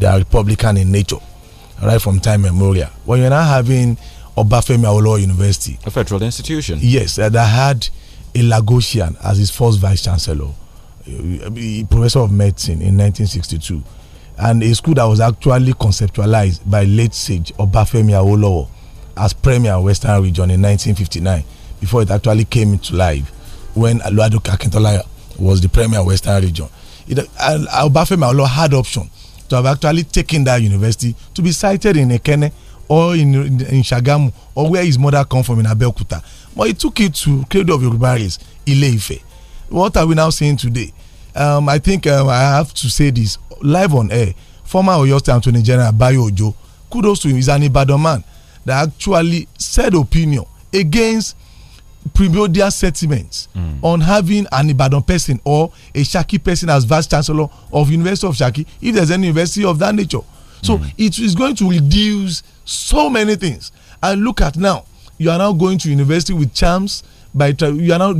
They are republican in nature, right from time immemorial. When you're now having Obafemi Awolowo University, a federal institution, yes, that had a Lagosian as his first vice chancellor, uh, professor of medicine in 1962, and a school that was actually conceptualized by late sage Obafemi Awolowo as premier of Western Region in 1959, before it actually came into life when Aluaduke Akintola was the premier of Western Region. It, Obafemi Awolowo had option to have actually taken that university to be cited in Ekene or in, in, in Shagamu or where his mother come from in Abeokuta. But he took it to Credo of Yorubaris, Ileife. What are we now seeing today? Um, I think um, I have to say this live on air. Former Oyo State Attorney General Bayo Ojo, kudos to him, is an Ibadan man that actually said opinion against primordial sentiment mm. on having an Ibadan person or a Shaki person as vice chancellor of University of Shaki, if there's any university of that nature. So mm. it is going to reduce so many things. And look at now, you are now going to university with charms. By you are now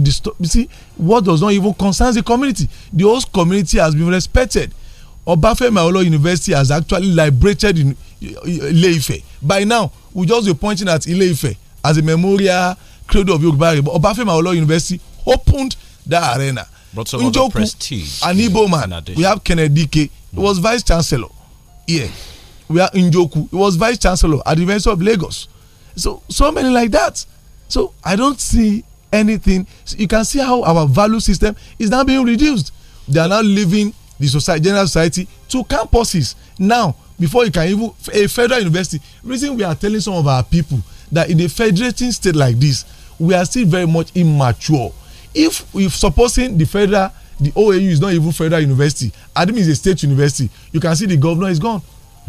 see what does not even concern the community. The whole community has been respected. Obafemi Awolowo University has actually liberated in Ileife. By now, we just be pointing at Iléife as a memorial cradle of Yoruba but Obafemi Awolowo University opened that arena. Brought some Njoku, An Igbo man. We have Kennedy K. He hmm. was vice chancellor. Yeah. We are Njoku. He was vice chancellor at the University of Lagos. So, so many like that. So, I don't see anything. You can see how our value system is now being reduced. They are now leaving the society, general society to campuses now before you can even a federal university. Reason we are telling some of our people that in a federating state like this, we are still very much immature if if supposing the federal the oau is not even federal university admin is a state university you can see the governor is gone.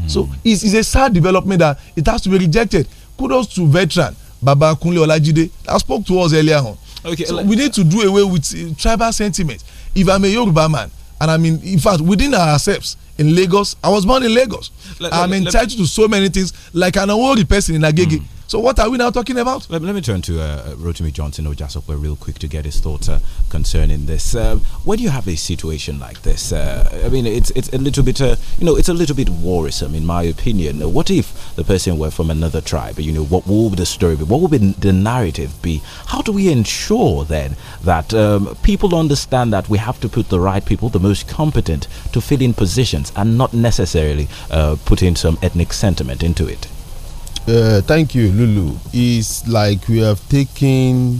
Mm. so hmm. it's, it's a sad development that it has to be rejected kudos to veteran baba kunle olajide that spoke to us earlier on. okay so we need to do away with uh, tribal sentiment if i'm a yoruba man and i mean in fact within ourselves in lagos i was born in lagos let, i'm let, entitled let, to so many things like an awori person in agege. Mm so what are we now talking about? Let, let me turn to uh, uh, Rotimi Johnson or Jasper real quick to get his thoughts uh, concerning this. Uh, when you have a situation like this, uh, I mean, it's it's a little bit, uh, you know, it's a little bit worrisome in my opinion. What if the person were from another tribe? You know, what would the story be? What would the narrative be? How do we ensure then that um, people understand that we have to put the right people, the most competent, to fill in positions and not necessarily uh, putting some ethnic sentiment into it? Uh, thank you, Lulu. It's like we have taken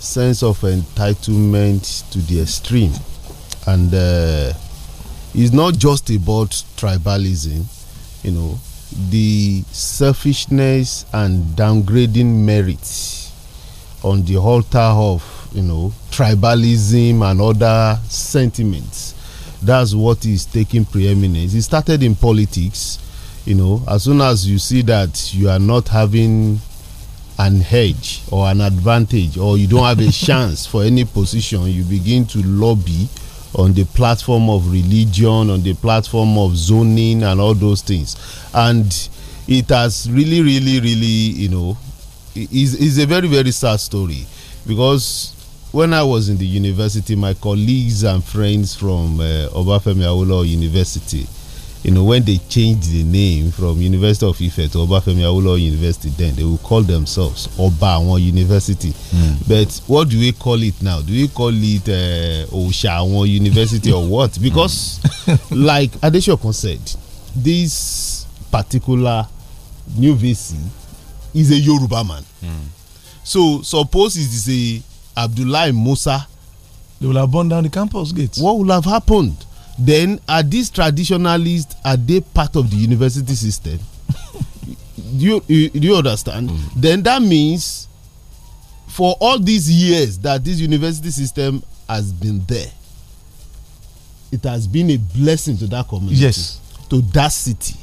sense of entitlement to the extreme, and uh, it's not just about tribalism. You know, the selfishness and downgrading merits on the altar of you know tribalism and other sentiments. That's what is taking preeminence. It started in politics you know as soon as you see that you are not having an edge or an advantage or you don't have a chance for any position you begin to lobby on the platform of religion on the platform of zoning and all those things and it has really really really you know is is a very very sad story because when I was in the university, my colleagues and friends from uh, Obafemi Awolowo University, you know, when they change the name from University of Ife to Obafemi Awolowo University, then they will call themselves Oba Awon University. Mm. But what do we call it now? Do we call it uh, eh, Osha Awon University or what? Hmm. Because, mm. like Adesokan said, this particular new VC is a Yoruba man. Mm. So suppose it is a Abdullahi Musa. They will have burned down the campus gates. What will have happened? then are these traditionalists are they part of the university system do you, you, do you understand mm. then that means for all these years that this university system has been there it has been a blessing to that community yes to that city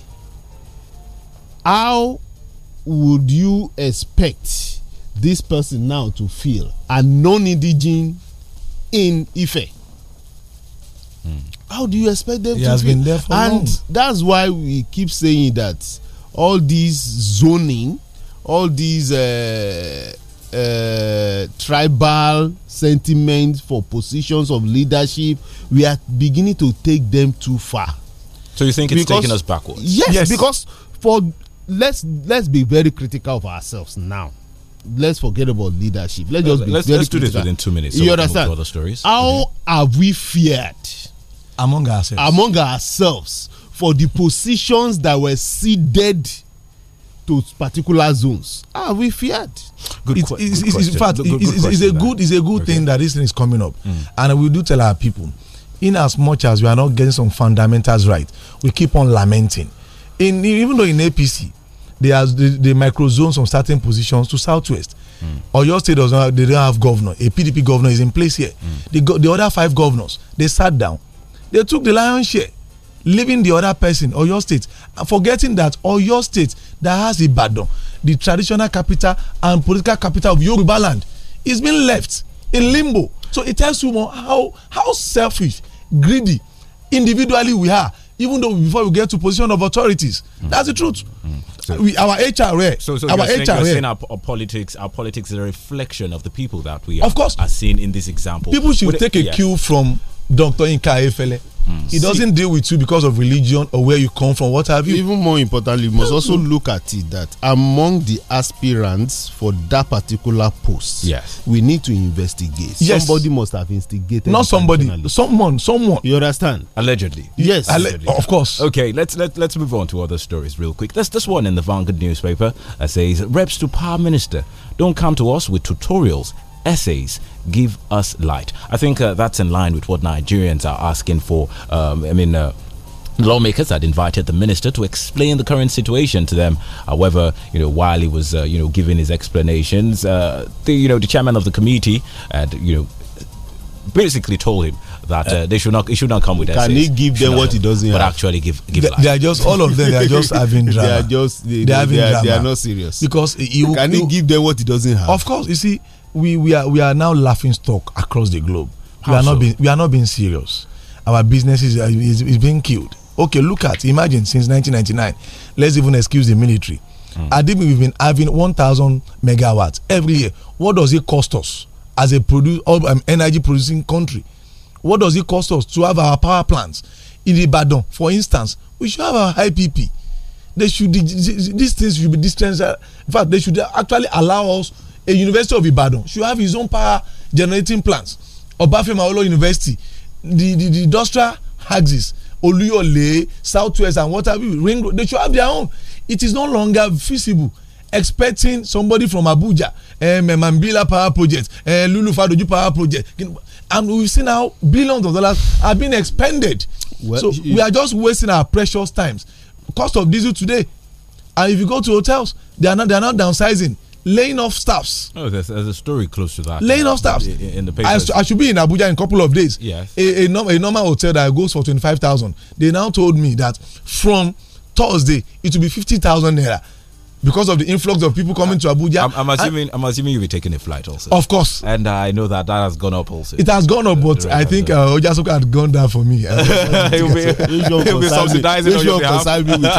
how would you expect this person now to feel a non-indigene in effect how do you expect them he to has be? been there for and long. that's why we keep saying that all these zoning all these uh, uh, tribal sentiments for positions of leadership we are beginning to take them too far so you think it's because, taking us backwards yes, yes because for let's let's be very critical of ourselves now let's forget about leadership. Let's just be let's, very let's do this within two minutes. So you understand? Other stories. How mm -hmm. are we feared? among ourselves among ourselves for the positions that were ceded to particular zones ah we feared good, good question. in fact good, good, it's, a good it's a good okay. thing that this thing is coming up mm. and we do tell our people in as much as we are not getting some fundamentals right we keep on lamenting in even though in apc they are the, the micro zones from certain positions to southwest mm. oyo state does not they don't have governor a pdp governor is in place here mm. the, the other five governors they sat down they took the lion's share, leaving the other person, or your State, forgetting that all your State that has Ibadan, the traditional capital and political capital of Yoruba land, is being left in limbo. So it tells you more how, how selfish, greedy, individually we are even though before we get to position of authorities. Mm. That's the truth. Mm. So, we, our HR so, so our you're saying, you're saying our, our, politics, our politics is a reflection of the people that we are, of course. are seen in this example. People should take a yeah. cue from Dr. Inka Efele. Mm. doesn't deal with you because of religion or where you come from, what have you. Even more importantly, you must also look at it that among the aspirants for that particular post, yes, we need to investigate. Yes. Somebody must have instigated. Not somebody, someone, someone. You understand? Allegedly. Yes. Allegedly. Of course. Okay, let's let, let's move on to other stories real quick. There's this one in the Vanguard newspaper that says reps to power minister don't come to us with tutorials essays give us light. I think uh, that's in line with what Nigerians are asking for. Um, I mean, uh, Lawmakers had invited the minister to explain the current situation to them. However, you know, while he was, uh, you know, giving his explanations, uh, the, you know, the chairman of the committee had, you know, basically told him that uh, they should not it should not come with that. Can he give them what he doesn't but have? actually give give they, they are just all of them they are just having drama. they are just they, they, they are having they are, drama. They are not serious. Because he, he, can he, he give them what he doesn't have? Of course, you see we we are we are now laughing stock across the globe. How we are so? not being we are not being serious. Our business is, uh, is, is being killed. Okay, look at imagine since 1999. Let's even excuse the military. Mm. I think we've been having 1,000 megawatts every year. What does it cost us as a produce or um, energy producing country? What does it cost us to have our power plants in Ibadan, for instance? We should have our PP. They should these things should be distanced. In fact, they should actually allow us a University of Ibadan should have his own power generating plants Obafemi Awolowo University the the the industrial axis Oluyole South West, and Waterview Ring Road they should have their own it is no longer feasible expecting somebody from Abuja um, Mambila power project uh, Lulu Fadoju power project and we see now billions of dollars are being expended well, so we are just wasting our precious times cost of diesel today and if you go to hotels they are now they are now downsizing laying off staffs. Oh, there's, there's, a story close to that. Uh, laying off staffs in, in the paper. I, I, should be in Abuja in a couple of days. Yes. A, a, a normal hotel that goes for twenty five thousand. They now told me that from Thursday it will be fifty thousand naira because of the influx of people coming to Abuja. I'm, I'm assuming I, am assuming you'll be taking a flight also. Of course. And uh, I know that that has gone up also. It has gone up, but I think uh, Ojasoka had gone down for me. he'll be, subsidizing on your behalf. Me with your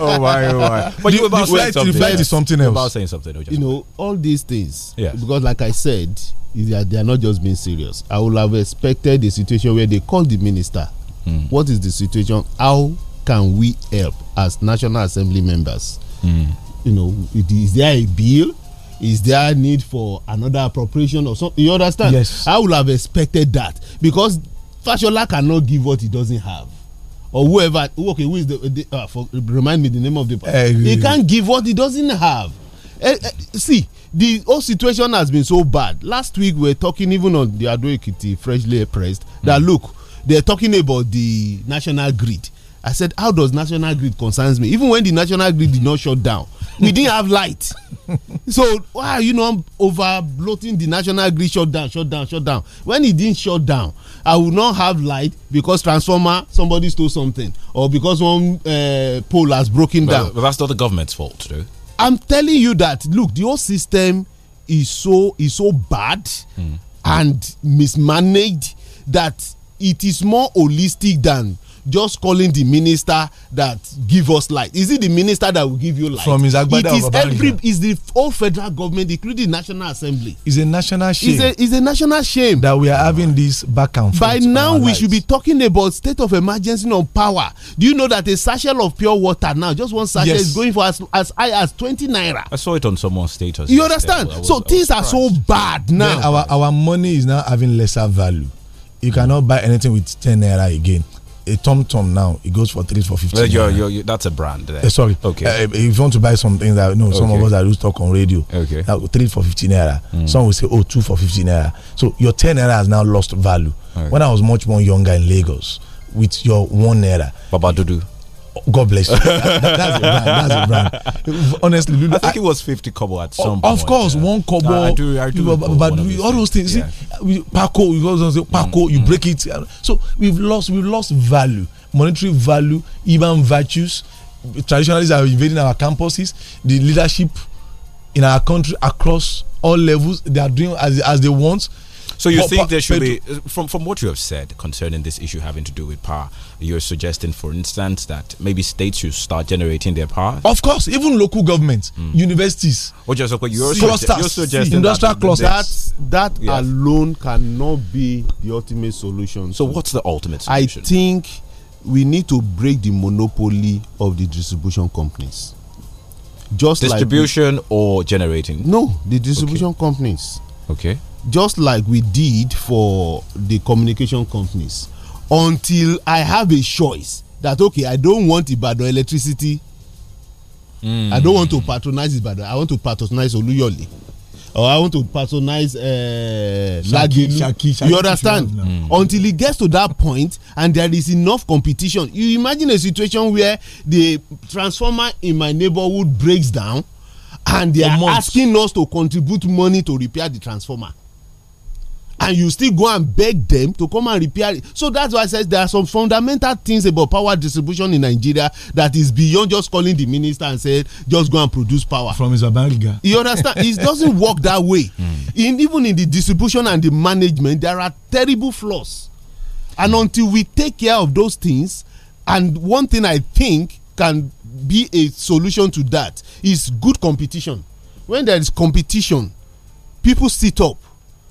oh my, oh my. But you about saying something. The flight is something else. About saying something, You know all these things. Yeah. Because like I said, they are, they are not just being serious. I would have expected a situation where they call the minister. Mm. What is the situation? How can we help as National Assembly members? Mm. You know, is there a bill? Is there a need for another appropriation or something? You understand? Yes. I would have expected that because Fashola cannot give what he doesn't have or whoever okay who is the, the uh, for, remind me the name of the person. Uh, he eh, can't give what he doesn't have uh, see the whole situation has been so bad last week we were talking even on the Ado Ekiti freshly pressed that hmm. look they're talking about the national grid I said, How does national grid concerns me? Even when the national grid did not shut down, we didn't have light. so why are you not over bloating the national grid shut down, shut down, shut down? When it didn't shut down, I would not have light because transformer somebody stole something or because one uh, pole has broken down. But that's not the government's fault, though. I'm telling you that look, the whole system is so is so bad mm. and mismanaged that it is more holistic than just calling the minister that give us light is it the minister that will give you light from his agbada it is every is the whole federal government including national assembly is a national shame is a is a national shame that we are having this back and forth by now we should be talking about state of emergency on power do you know that a sachet of pure water now just one sachet yes. is going for as as high as twenty naira i saw it on someone's status you understand was, so things are so bad now then our our money is now having lesser value you cannot buy anything with ten naira again a Tom Tom now, it goes for three for fifteen. Well, you're, you're, you're, that's a brand. Uh, sorry. Okay. Uh, if you want to buy something that know some of us that to talk on radio. Okay. Now, three for fifteen naira. Mm. Some will say oh two for fifteen naira. So your ten naira has now lost value. Okay. When I was much more younger in Lagos, with your one naira. Baba Dudu God bless you. That, that, that's a brand. That's a brand. Honestly, I think I, it was fifty kobo at oh, some. Of course, yeah. one kobo. I do. I do. But, but we, all those things. Yeah. See, we, Paco, you say mm, Paco. Mm. You mm. break it. So we've lost. We've lost value, monetary value, even virtues. Traditionalists are invading our campuses. The leadership in our country across all levels, they are doing as as they want. So you but, think there should be, from from what you have said concerning this issue having to do with power, you're suggesting, for instance, that maybe states should start generating their power? Of course, even local governments, mm. universities, or oh, just okay, you're, clusters, you're suggesting industrial that clusters. That, that yes. alone cannot be the ultimate solution. So, what's the ultimate solution? I think we need to break the monopoly of the distribution companies. Just distribution like we, or generating? No, the distribution okay. companies. Okay. Just like we did for the communication companies until I have a choice that okay I don't want Ibadan electricity mm. I don't want to patronize Ibadan I want to patronize Oluyole or I want to patronize uh, you understand mm. until it gets to that point and there is enough competition you imagine a situation where the transformer in my neighborhood breaks down and they are asking us to contribute money to repair the transformer and you still go and beg them to come and repair it. So that's why I said there are some fundamental things about power distribution in Nigeria that is beyond just calling the minister and say just go and produce power. From his You understand? it doesn't work that way. Mm. In even in the distribution and the management, there are terrible flaws. And hmm. until we take care of those things, and one thing I think can be a solution to that is good competition. When there is competition, people sit up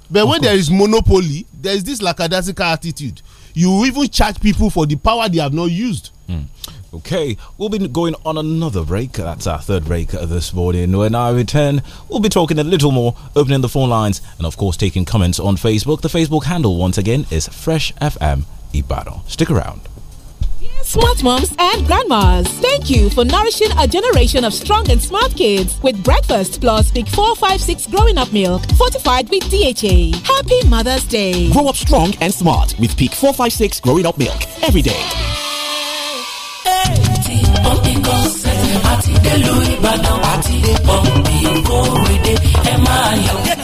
but of when course. there is monopoly, there is this lackadaisical attitude. You even charge people for the power they have not used. Mm. Okay, we'll be going on another break. That's our third break this morning. When I return, we'll be talking a little more, opening the phone lines, and of course, taking comments on Facebook. The Facebook handle, once again, is Fresh FM Ibaro. Stick around smart moms, and grandmas. Thank you for nourishing a generation of strong and smart kids with breakfast plus Peak 456 growing up milk fortified with DHA. Happy Mother's Day. Grow up strong and smart with Peak 456 growing up milk every day. Hey, hey.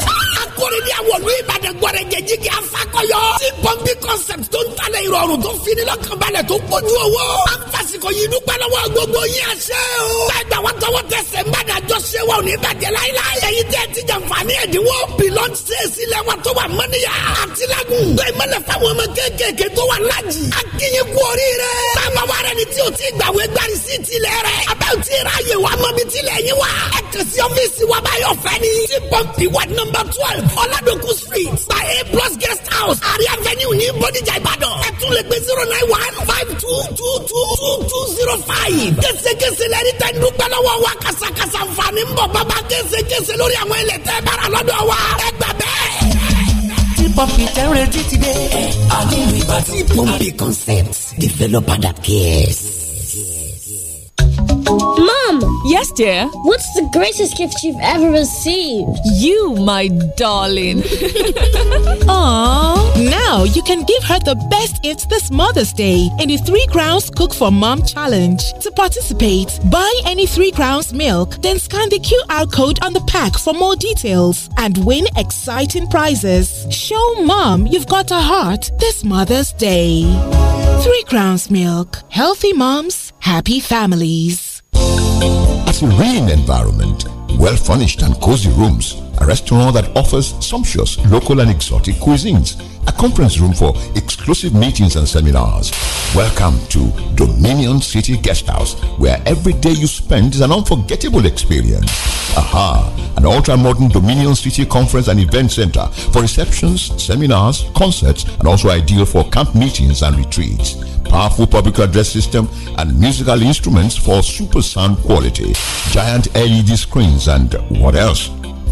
wọ̀lú ìbàdàn gbọ̀rẹ̀jẹ̀ jígi afakọyọ. tí pọ́ńpì concept tó ń talẹ̀ ìrọ̀rùn tó fini lọ́kànbalẹ̀ tó kojú owó. an fasikọ yìí dúpẹ́ lọ́wọ́ gbogbo yín àṣẹ o. gbàgbà wọn tọwọ́ tẹsẹ̀ ń bàdà jọ ṣe wa ò ní bàjẹ́ láíláí. ẹ̀yin tẹ́ ti jàǹfààní ẹ̀dínwó. pilọ́n ṣe é sílẹ̀ wa tó wà mọ́níyà. àtìlágùn. tó ìmọ̀lẹ̀ fáwọn ọmọ kéékèèké tó wà lájì. a kì í kú oríire. bàbá wa rẹ ni tí o ti gbàwé gbàrí sí tilẹ̀ rẹ. abẹ́ ò ti ra yè wa mọ́ bí tilẹ̀ yín wa. ẹ kàn sí ọ́fíìsì wa báyọ̀ fẹ́ ni. ti pọ́ǹpì wa nọ́mbà twelve ọ̀làdọ̀ Oluku street by A plus guest house Àrí avenue ní Bódìjà Ìbàdàn. Ẹ tún lè gbé zero nine one five two two two two two zero five. Késekése lẹ́ni tẹ́ ń dúpẹ́ lọ́wọ́ wa kàṣàkàṣà nfààní ń bọ̀ bàbá késekése lórí àwọn ilẹ̀ tẹ́ bára lọ́dọ̀ wa. Ẹ gbà bẹ́ẹ̀ pọ́ǹpì tẹ́ ń retí ti dé. ẹ àní ìbàdàn. tí pọ́ǹpì concepts developer that cares. Mom! Yes, dear? What's the greatest gift you've ever received? You, my darling. Aww. Now you can give her the best gift this Mother's Day in the Three Crowns Cook for Mom Challenge. To participate, buy any Three Crowns milk, then scan the QR code on the pack for more details and win exciting prizes. Show mom you've got a heart this Mother's Day. Three Crowns Milk. Healthy moms, happy families a serene environment, well furnished and cozy rooms, a restaurant that offers sumptuous local and exotic cuisines, a conference room for exclusive meetings and seminars. Welcome to Dominion City Guest House, where every day you spend is an unforgettable experience. Aha! An ultra modern Dominion City Conference and Event Center for receptions, seminars, concerts, and also ideal for camp meetings and retreats powerful public address system and musical instruments for super sound quality, giant LED screens, and what else?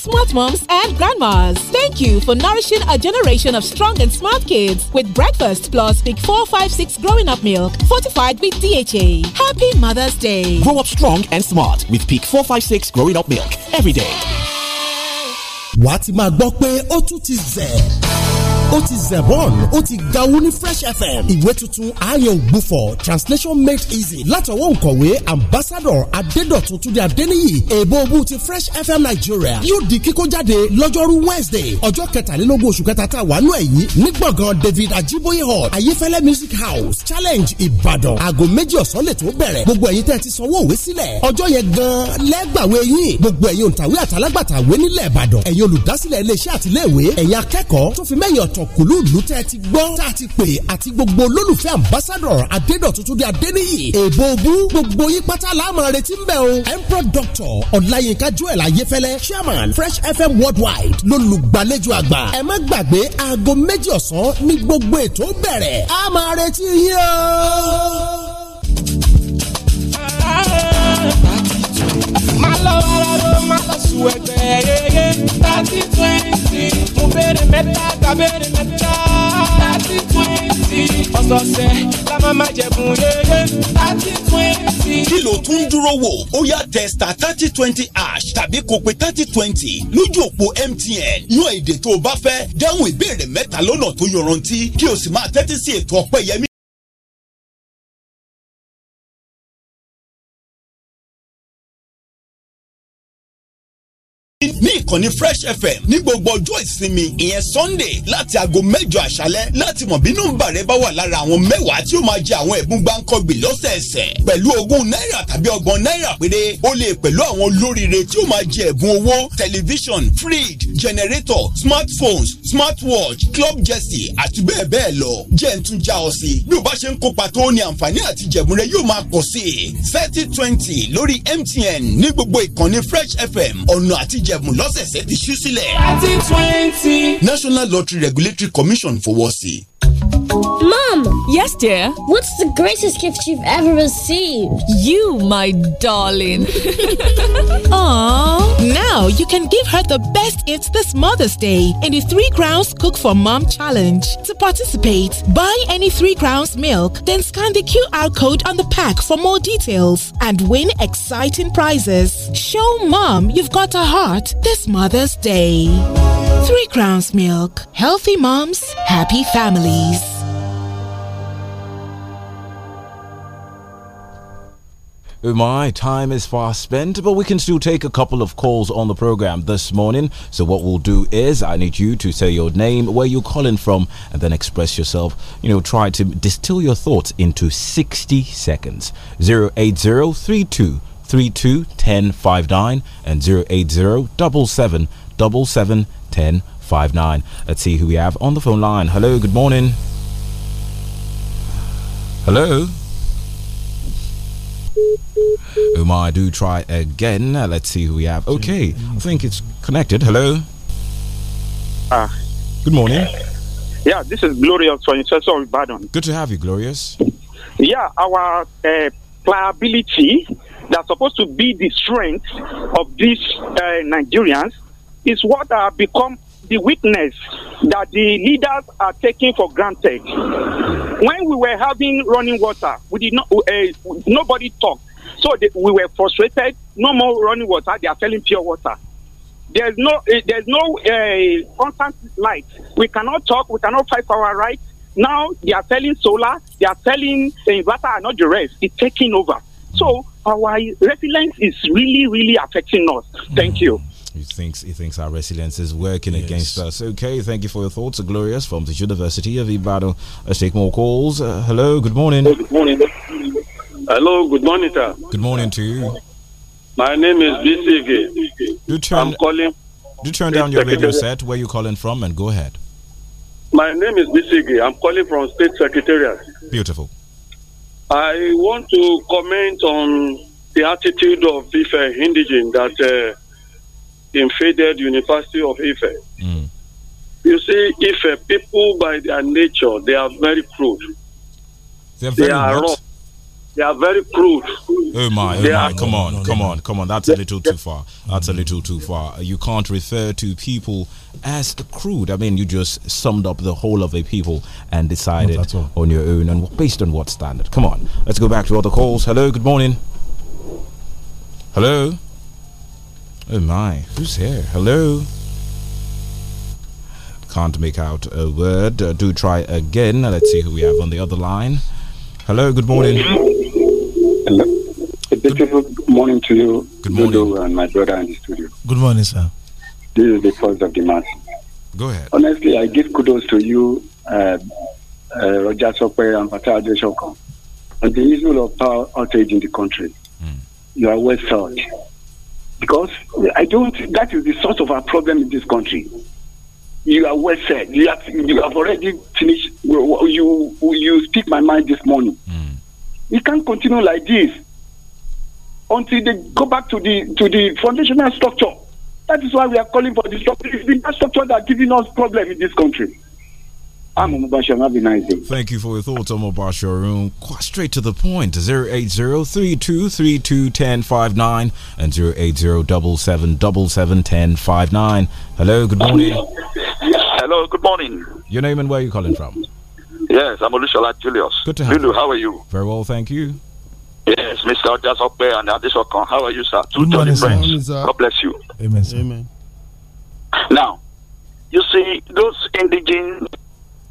smart moms and grandmas. Thank you for nourishing a generation of strong and smart kids with breakfast plus Peak 456 growing up milk fortified with DHA. Happy Mother's Day. Grow up strong and smart with Peak 456 growing up milk every day. wàá ti máa ó tún ti ó ti zebon ó ti gawu ní fresh fm ìwé tuntun ayọ̀ ògbufọ̀ translation made easy látọwọ́ nkọ̀wé ambassador adédọ̀tun túnde adéníyì èèbó ogun ti fresh fm nigeria yóò di kíkó jáde lọ́jọ́rú wednesday ọjọ́ kẹtàlélógún oṣù kẹta tá a wà nù ẹ̀yìn ní gbọ̀ngàn david ajiboye hall ayéfẹ́lẹ́ music house challenge ìbàdàn aago méjì ọ̀sán lè tó bẹ̀rẹ̀ gbogbo ẹ̀yin tẹ́ ẹ ti sanwó òwe sílẹ̀ ọjọ́ yẹn gan-an lẹ́gbàwé yín gbogbo ẹ̀yin òǹtàwé àtàlágbàtàwé nílẹ̀ ìbàdàn ẹ̀yin olùdásílẹ̀ iléeṣẹ́ àtìlẹ́wé ẹ̀yin akẹ́kọ̀ọ́ tó fi mẹ́yìn ọ̀t yàtọ̀ kùlùlù tẹ́ ti gbọ́ tá a ti pè àti gbogbo olólùfẹ́ ambassador adédọ̀tun túndé adéníyì èbó ogún gbogbo yín pátá la máa retí ń bẹ̀ o emperor doctor ọláyínká joel ayéfẹ́lẹ́ chairman fresh fm worldwide lólùgbàlejò àgbà ẹ má gbàgbé aago méjì ọ̀sán ní gbogbo ètò bẹ̀rẹ̀ a máa retí yín o. My love má lọ sùn ẹgbẹ́ yeye thirty twenty mo béèrè mẹ́ta gba béèrè mẹ́ta thirty twenty ọ̀sọ̀ọ̀sẹ̀ la máa má jẹ̀bùn yeye thirty twenty. kí ló tún dúró wò ó yá testa thirty twenty ash tàbí kó pe thirty twenty lójú òpó MTN yan èdè tó o bá fẹ́ dáhùn ìbéèrè mẹ́ta lọ́nà tó yọrantí kí o sì máa tẹ́tí sí ètò ọpẹ́ yẹmí ìkànnì fresh fm ní gbogbo ọjọ́ ìsinmi ìyẹn sunday láti aago mẹ́jọ àṣálẹ́ láti mọ̀ bí nọ́mbà rẹ bá wà lára àwọn mẹ́wàá tí ó máa jẹ àwọn ẹ̀bùn gbáǹkọ́gbìn lọ́sẹ̀ẹsẹ̀ pẹ̀lú ogún náírà tàbí ọgbọ̀n náírà péré ó lè pẹ̀lú àwọn olóríire tí ó máa jẹ ẹ̀bùn owó tẹlifíṣàn fridge generator smartphones smartwatch club jersey àti bẹ́ẹ̀ bẹ́ẹ̀ lọ jẹ́ ń tún já ọ sí bí o bá ṣe ń kópa tó ní àǹfààní àti jẹ̀bùn rẹ yóò máa pọ̀ sí i thirty twenty lórí mtn ní gbogbo ìkànnì fresh fm ọ̀nà àti jẹ̀bùn lọ́sẹ̀ ṣẹ̀ṣẹ̀ ti ṣú sílẹ̀. National Lottery Regulatory Commission fowọ́ sí i. Mom! Yes, dear? What's the greatest gift you've ever received? You, my darling. Aww. Now you can give her the best gift this Mother's Day in the Three Crowns Cook for Mom Challenge. To participate, buy any Three Crowns milk, then scan the QR code on the pack for more details and win exciting prizes. Show Mom you've got a heart this Mother's Day. Three Crowns Milk. Healthy moms, happy families. Oh, my time is fast spent, but we can still take a couple of calls on the program this morning. So, what we'll do is, I need you to say your name, where you're calling from, and then express yourself. You know, try to distill your thoughts into 60 seconds. 08032 32 10 five nine and 080 77 10 Let's see who we have on the phone line. Hello, good morning. Hello. Oh um, my, do try again. Let's see who we have. Okay, I think it's connected. Hello. Ah. Uh, good morning. Yeah, this is Glorious from on. Good to have you, Glorious. Yeah, our uh, pliability that's supposed to be the strength of these uh, Nigerians is what have become the weakness that the leaders are taking for granted. When we were having running water, we did not. Uh, nobody talked, so they, we were frustrated. No more running water. They are selling pure water. There's no. Uh, there's no uh, constant light. We cannot talk. We cannot fight for our rights. Now they are selling solar. They are selling inverter and not the rest. It's taking over. So our resilience is really, really affecting us. Thank mm. you. He thinks he thinks our resilience is working yes. against us. Okay, thank you for your thoughts, Glorious from the University of Ibadan. Let's take more calls. Uh, hello, good morning. good morning. Hello, good morning, sir. Good morning to you. My name is BCG. Do turn, I'm calling. Do turn down your radio set. Where you calling from? And go ahead. My name is BCG. I'm calling from State Secretariat. Beautiful. I want to comment on the attitude of Ife Hindigin that uh, invaded University of Ife. Mm. You see, Ife people by their nature they are very crude. They're very they are rough. They are very crude. Oh my! Oh they my! Are, come on! No, come no. on! Come on! That's a little too far. That's a little too far. You can't refer to people as the crude? I mean, you just summed up the whole of the people and decided on your own and based on what standard? Come on, let's go back to other calls. Hello, good morning. Hello. Oh my, who's here? Hello. Can't make out a word. Uh, do try again. Let's see who we have on the other line. Hello, good morning. Hello. A beautiful good morning to you. Good morning. Dodo and my brother in the studio. Good morning, sir. This is the cause of the masses. Go ahead. Honestly, I give kudos to you, uh, uh, Roger Sope and Fatah Adeshoko, on the issue of power outage in the country. Mm. You are well thought. Because I don't, that is the source of our problem in this country. You are well said. You have, you have already finished. You, you speak my mind this morning. Mm. It can't continue like this until they go back to the to the foundational structure that is why we are calling for the structure. It's the infrastructure that giving us problem in this country. I'm Omobasharoon. Have a nice day. Thank you for your thoughts, Room. Quite straight to the point. 080-3232-1059 and 080-777-1059. Hello, good morning. Hello, good morning. Your name and where are you calling from? Yes, I'm Olusola Julius. Good to have Lulu, you. how are you? Very well, thank you. Yes, Mr. Ojasope and Adesokan. How are you, sir? Two friends. God bless you. Amen. Sir. Amen. Now, you see, those indigenous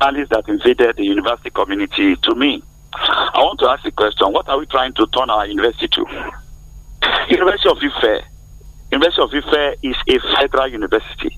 allies that invaded the university community, to me, I want to ask a question. What are we trying to turn our university to? University of Ife. University of Ife is a federal university.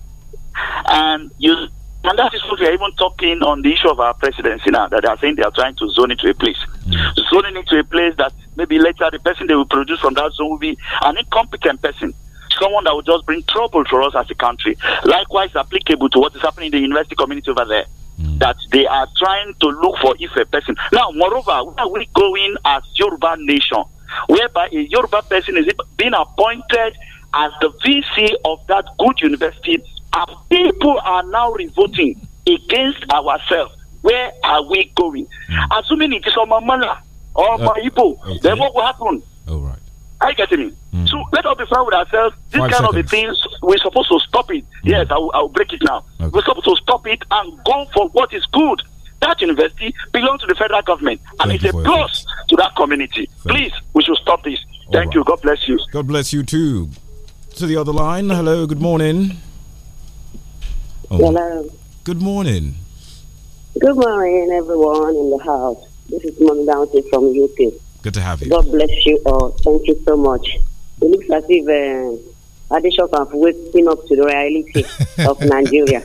And you and that is what we are even talking on the issue of our presidency now, that they are saying they are trying to zone it to a place. Mm. Zoning it to a place that maybe later the person they will produce from that zone will be an incompetent person someone that will just bring trouble for us as a country. Likewise, applicable to what is happening in the university community over there, hmm. that they are trying to look for if a person. Now, moreover, where are we going as Yoruba nation, whereby a Yoruba person is being appointed as the VC of that good university, and people are now revolting against ourselves? Where are we going? Hmm. Assuming it is on Mamala or uh, people. okay. then what will happen? All right. I get me. Mm. So let us be frank with ourselves. This Five kind seconds. of a things we're supposed to stop it. Mm. Yes, I will, I will, break it now. Okay. We're supposed to stop it and go for what is good. That university belongs to the federal government and Thank it's a plus to that community. Thank Please, we should stop this. Thank right. you. God bless you. God bless you too. To the other line. Hello. Good morning. Oh. Hello. Good morning. Good morning, everyone in the house. This is Mom Dante from UK. Good to have you. God bless you all. Thank you so much. It looks as if uh, have waking up to the reality of Nigeria.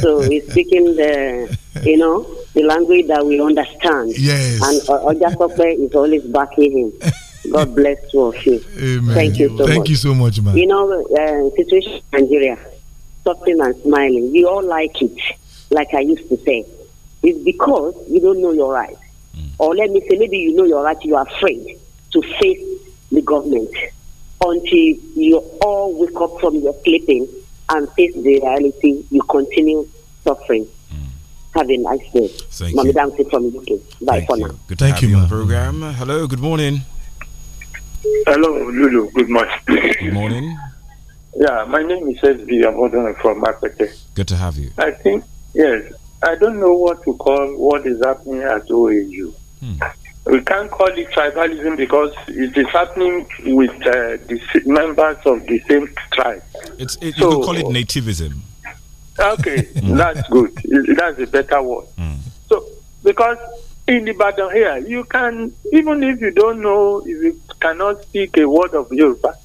So we're speaking the, you know, the language that we understand. Yes. And uh, Ojasope is always backing him. God bless you all. Thank you so Thank much. you so much, man. You know, uh, situation in Nigeria, talking and smiling, we all like it, like I used to say. It's because you don't know your rights or let me say, maybe you know you're right, you are afraid to face the government until you all wake up from your sleeping and face the reality, you continue suffering. Mm. Have a nice day. Thank you. Dancy from UK. Bye Thank for you. now. Good Thank you, program. Hello, good morning. Hello, Lulu. Good morning. Good morning. Yeah, my name is SB. I'm from Market. Good to have you. I think, yes, I don't know what to call what is happening at OAU. Hmm. We can't call it tribalism because it is happening with uh, the members of the same tribe. It's, it, so, you call it nativism. Okay, hmm. that's good. That's a better word. Hmm. So, because in the battle here, you can, even if you don't know, if you cannot speak a word of Yoruba,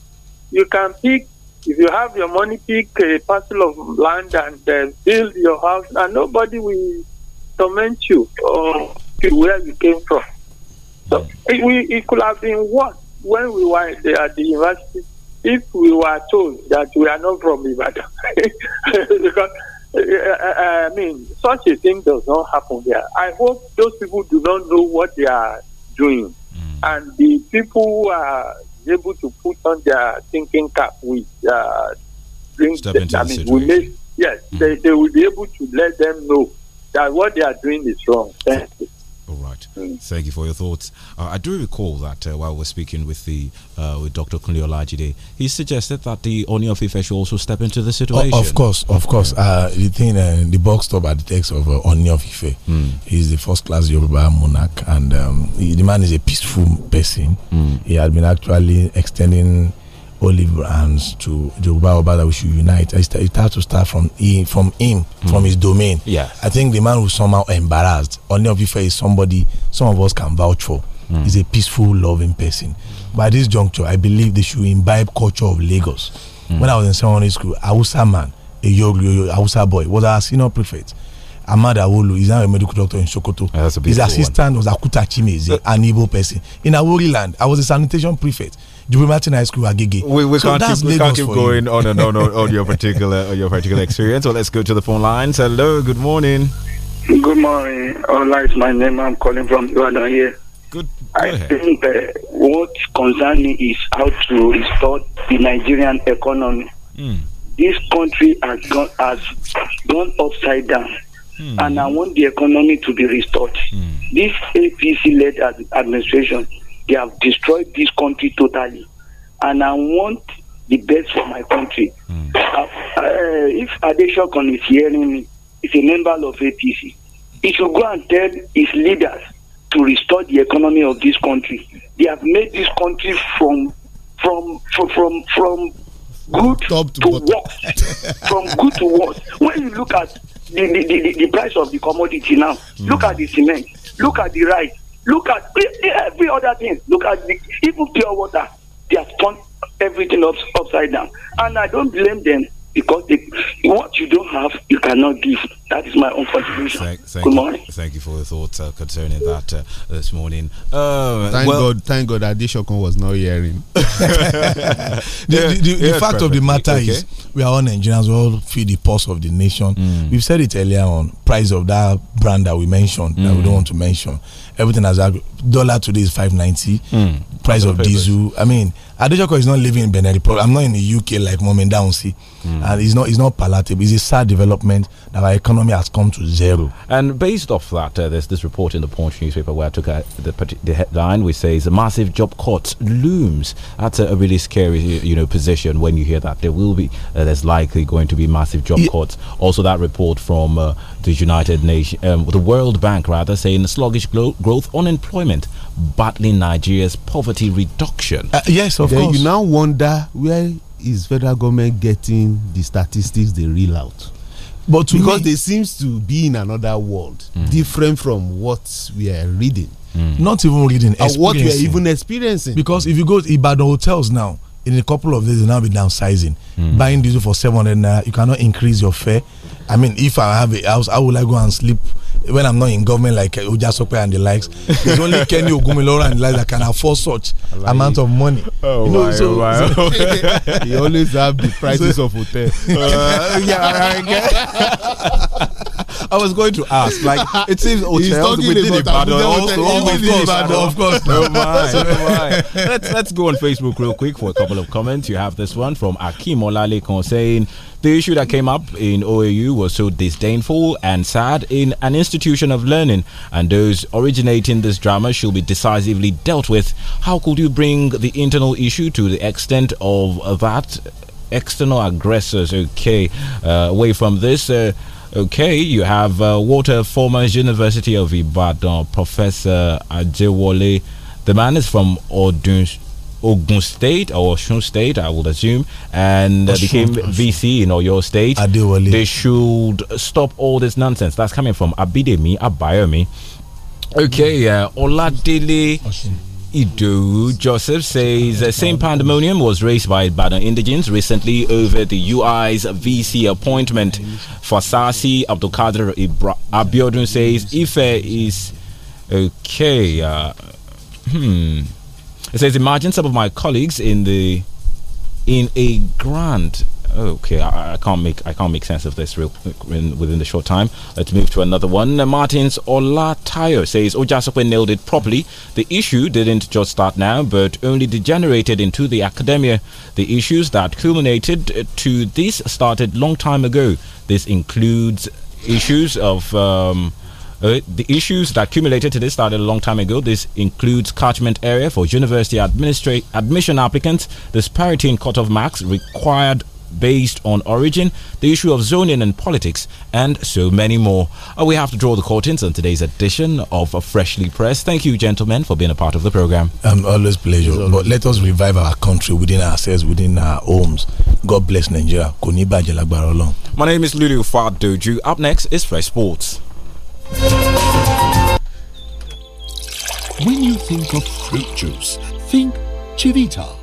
you can pick, if you have your money, pick a parcel of land and uh, build your house, and nobody will torment you or where we came from. So hmm. it, we, it could have been worse when we were there at the university if we were told that we are not from Ibadan. because, uh, uh, uh, I mean, such a thing does not happen there. I hope those people do not know what they are doing. Hmm. And the people who are able to put on their thinking cap with uh, bring Step into I mean, situation. yes, mm. they, they will be able to let them know that what they are doing is wrong. Thank you. Thank you for your thoughts. Uh, I do recall that uh, while we are speaking with the uh, with Dr. Kunle Olajide, he suggested that the Oni of Ife should also step into the situation. Oh, of course, of course. Uh, the thing, uh, the box top at the text of uh, Oni of Ife, mm. he's the first class Yoruba monarch, and um, he, the man is a peaceful person. Mm. He had been actually extending olive brands to Yoruba Oba that we should unite. It, has to start from him, from him, mm. from his domain. Yeah. I think the man who's somehow embarrassed, only of if is somebody some of us can vouch for. Mm. a peaceful, loving person. By this juncture, I believe they should imbibe culture of Lagos. Mm. When I was in secondary school, Awusa man, a Yogi Awusa boy, was our senior prefect. Ahmad Awolu is now a medical doctor in Sokoto. His assistant one. was Akuta Chimeze, uh, an evil person. In Awori land, I was a sanitation prefect. Jubi Martin High School, Agege. We, we so can't keep, we can't keep going on and on, on, your particular on your particular experience. So let's go to the phone lines. Hello, good morning. Good morning. All right, my name. I'm calling from Ibadan here. Good. I ahead. think uh, what concerns me is how to restore the Nigerian economy. Mm. This country has gone has gone upside down. Mm. and I want the economy to be restored. Mm. This APC led administration they have destroyed this country totally. And I want the best for my country. Mm. Uh, uh, if Adeshokon is hearing me, he's a member of APC. He should go and tell his leaders to restore the economy of this country. They have made this country from from from from, from good Top to, to worse. from good to worse. When you look at the, the, the, the price of the commodity now, mm. look hmm. at the cement, look at the rice, Look at every other thing. Look at the, even pure water. They have turned everything up, upside down. And I don't blame them because they, what you don't have, you cannot give. That is my own contribution. Thank, thank Good morning. You, thank you for your thoughts uh, concerning that uh, this morning. Uh, thank well, God, thank God, Adishokun was not hearing. the, the, the, the fact of the matter okay. is, we are all Nigerians. We all feed the pulse of the nation. Mm. We've said it earlier on. Price of that brand that we mentioned mm. that we don't mm. want to mention. Everything has dollar today is five ninety. Mm price of diesel. I mean, Adejoko is not living in Benin Republic. I'm not in the UK like mom and down see, mm. and it's not it's not palatable. It's a sad development that our economy has come to zero. And based off that, uh, there's this report in the Punch newspaper where I took uh, the, the headline, which says a massive job cut looms. That's a, a, really scary you know position when you hear that there will be uh, there's likely going to be massive job yeah. cuts. Also, that report from uh, the United Nation, um, the World Bank rather, saying sluggish growth, unemployment, battling Nigeria's poverty reduction. Uh, yes, of then course. You now wonder where is federal government getting the statistics they reel out? But because me, they seems to be in another world, mm. different from what we are reading. Mm. Not even reading, and what we are even experiencing. Because if you go to Ibadan hotels now, in a couple of days, they now be downsizing. Mm. Buying diesel for seven hundred you cannot increase your fare I mean, if I have a house, how will I go and sleep when I'm not in government like Ojasope and the likes? It's only Kenny Ogumiloro and the likes that can afford such like amount of money. Oh, you know, wow, so, wow. So you always have the prices so, of hotel. Uh, yeah, I I was going to ask, like, it seems hotels within Ibadan also, always Ibadan, of course. No mind, no mind. Let's let's go on Facebook real quick for a couple of comments. You have this one from Akim Olalekon saying. The issue that came up in OAU was so disdainful and sad in an institution of learning, and those originating this drama should be decisively dealt with. How could you bring the internal issue to the extent of that? External aggressors, okay, uh, away from this. Uh, Okay, you have uh, Walter Foreman's University of Ibadan, Professor Ajewole. The man is from Odun Ogun State or Oshun State, I would assume, and uh, Oshun, became Oshun. VC in Oyo State. Adewale. They should stop all this nonsense that's coming from Abidemi, Abayomi. Okay, uh, Oladele. Ido Joseph says the uh, same pandemonium was raised by Badan Indigents recently over the UI's VC appointment. for Fasasi Abdulkader Abiodun says Ife is okay. Uh, hmm. It says, imagine some of my colleagues in the in a grand okay I, I, can't make i can't make sense of this real quick in, within the short time let's move to another one martins Tayo says ojasope nailed it properly the issue didn't just start now but only degenerated into the academia the issues that culminated to this started long time ago this includes issues of um, uh, the issues that accumulated to this started a long time ago. This includes catchment area for university admission applicants, disparity in cut-off marks required based on origin, the issue of zoning and politics, and so many more. Uh, we have to draw the curtains on today's edition of Freshly Pressed. Thank you, gentlemen, for being a part of the program. Um, always pleasure. Always but let us revive our country within ourselves, within our homes. God bless Nigeria. My name is Lulu Fadoju. Up next is Fresh Sports. When you think of fruit juice, think Chivita.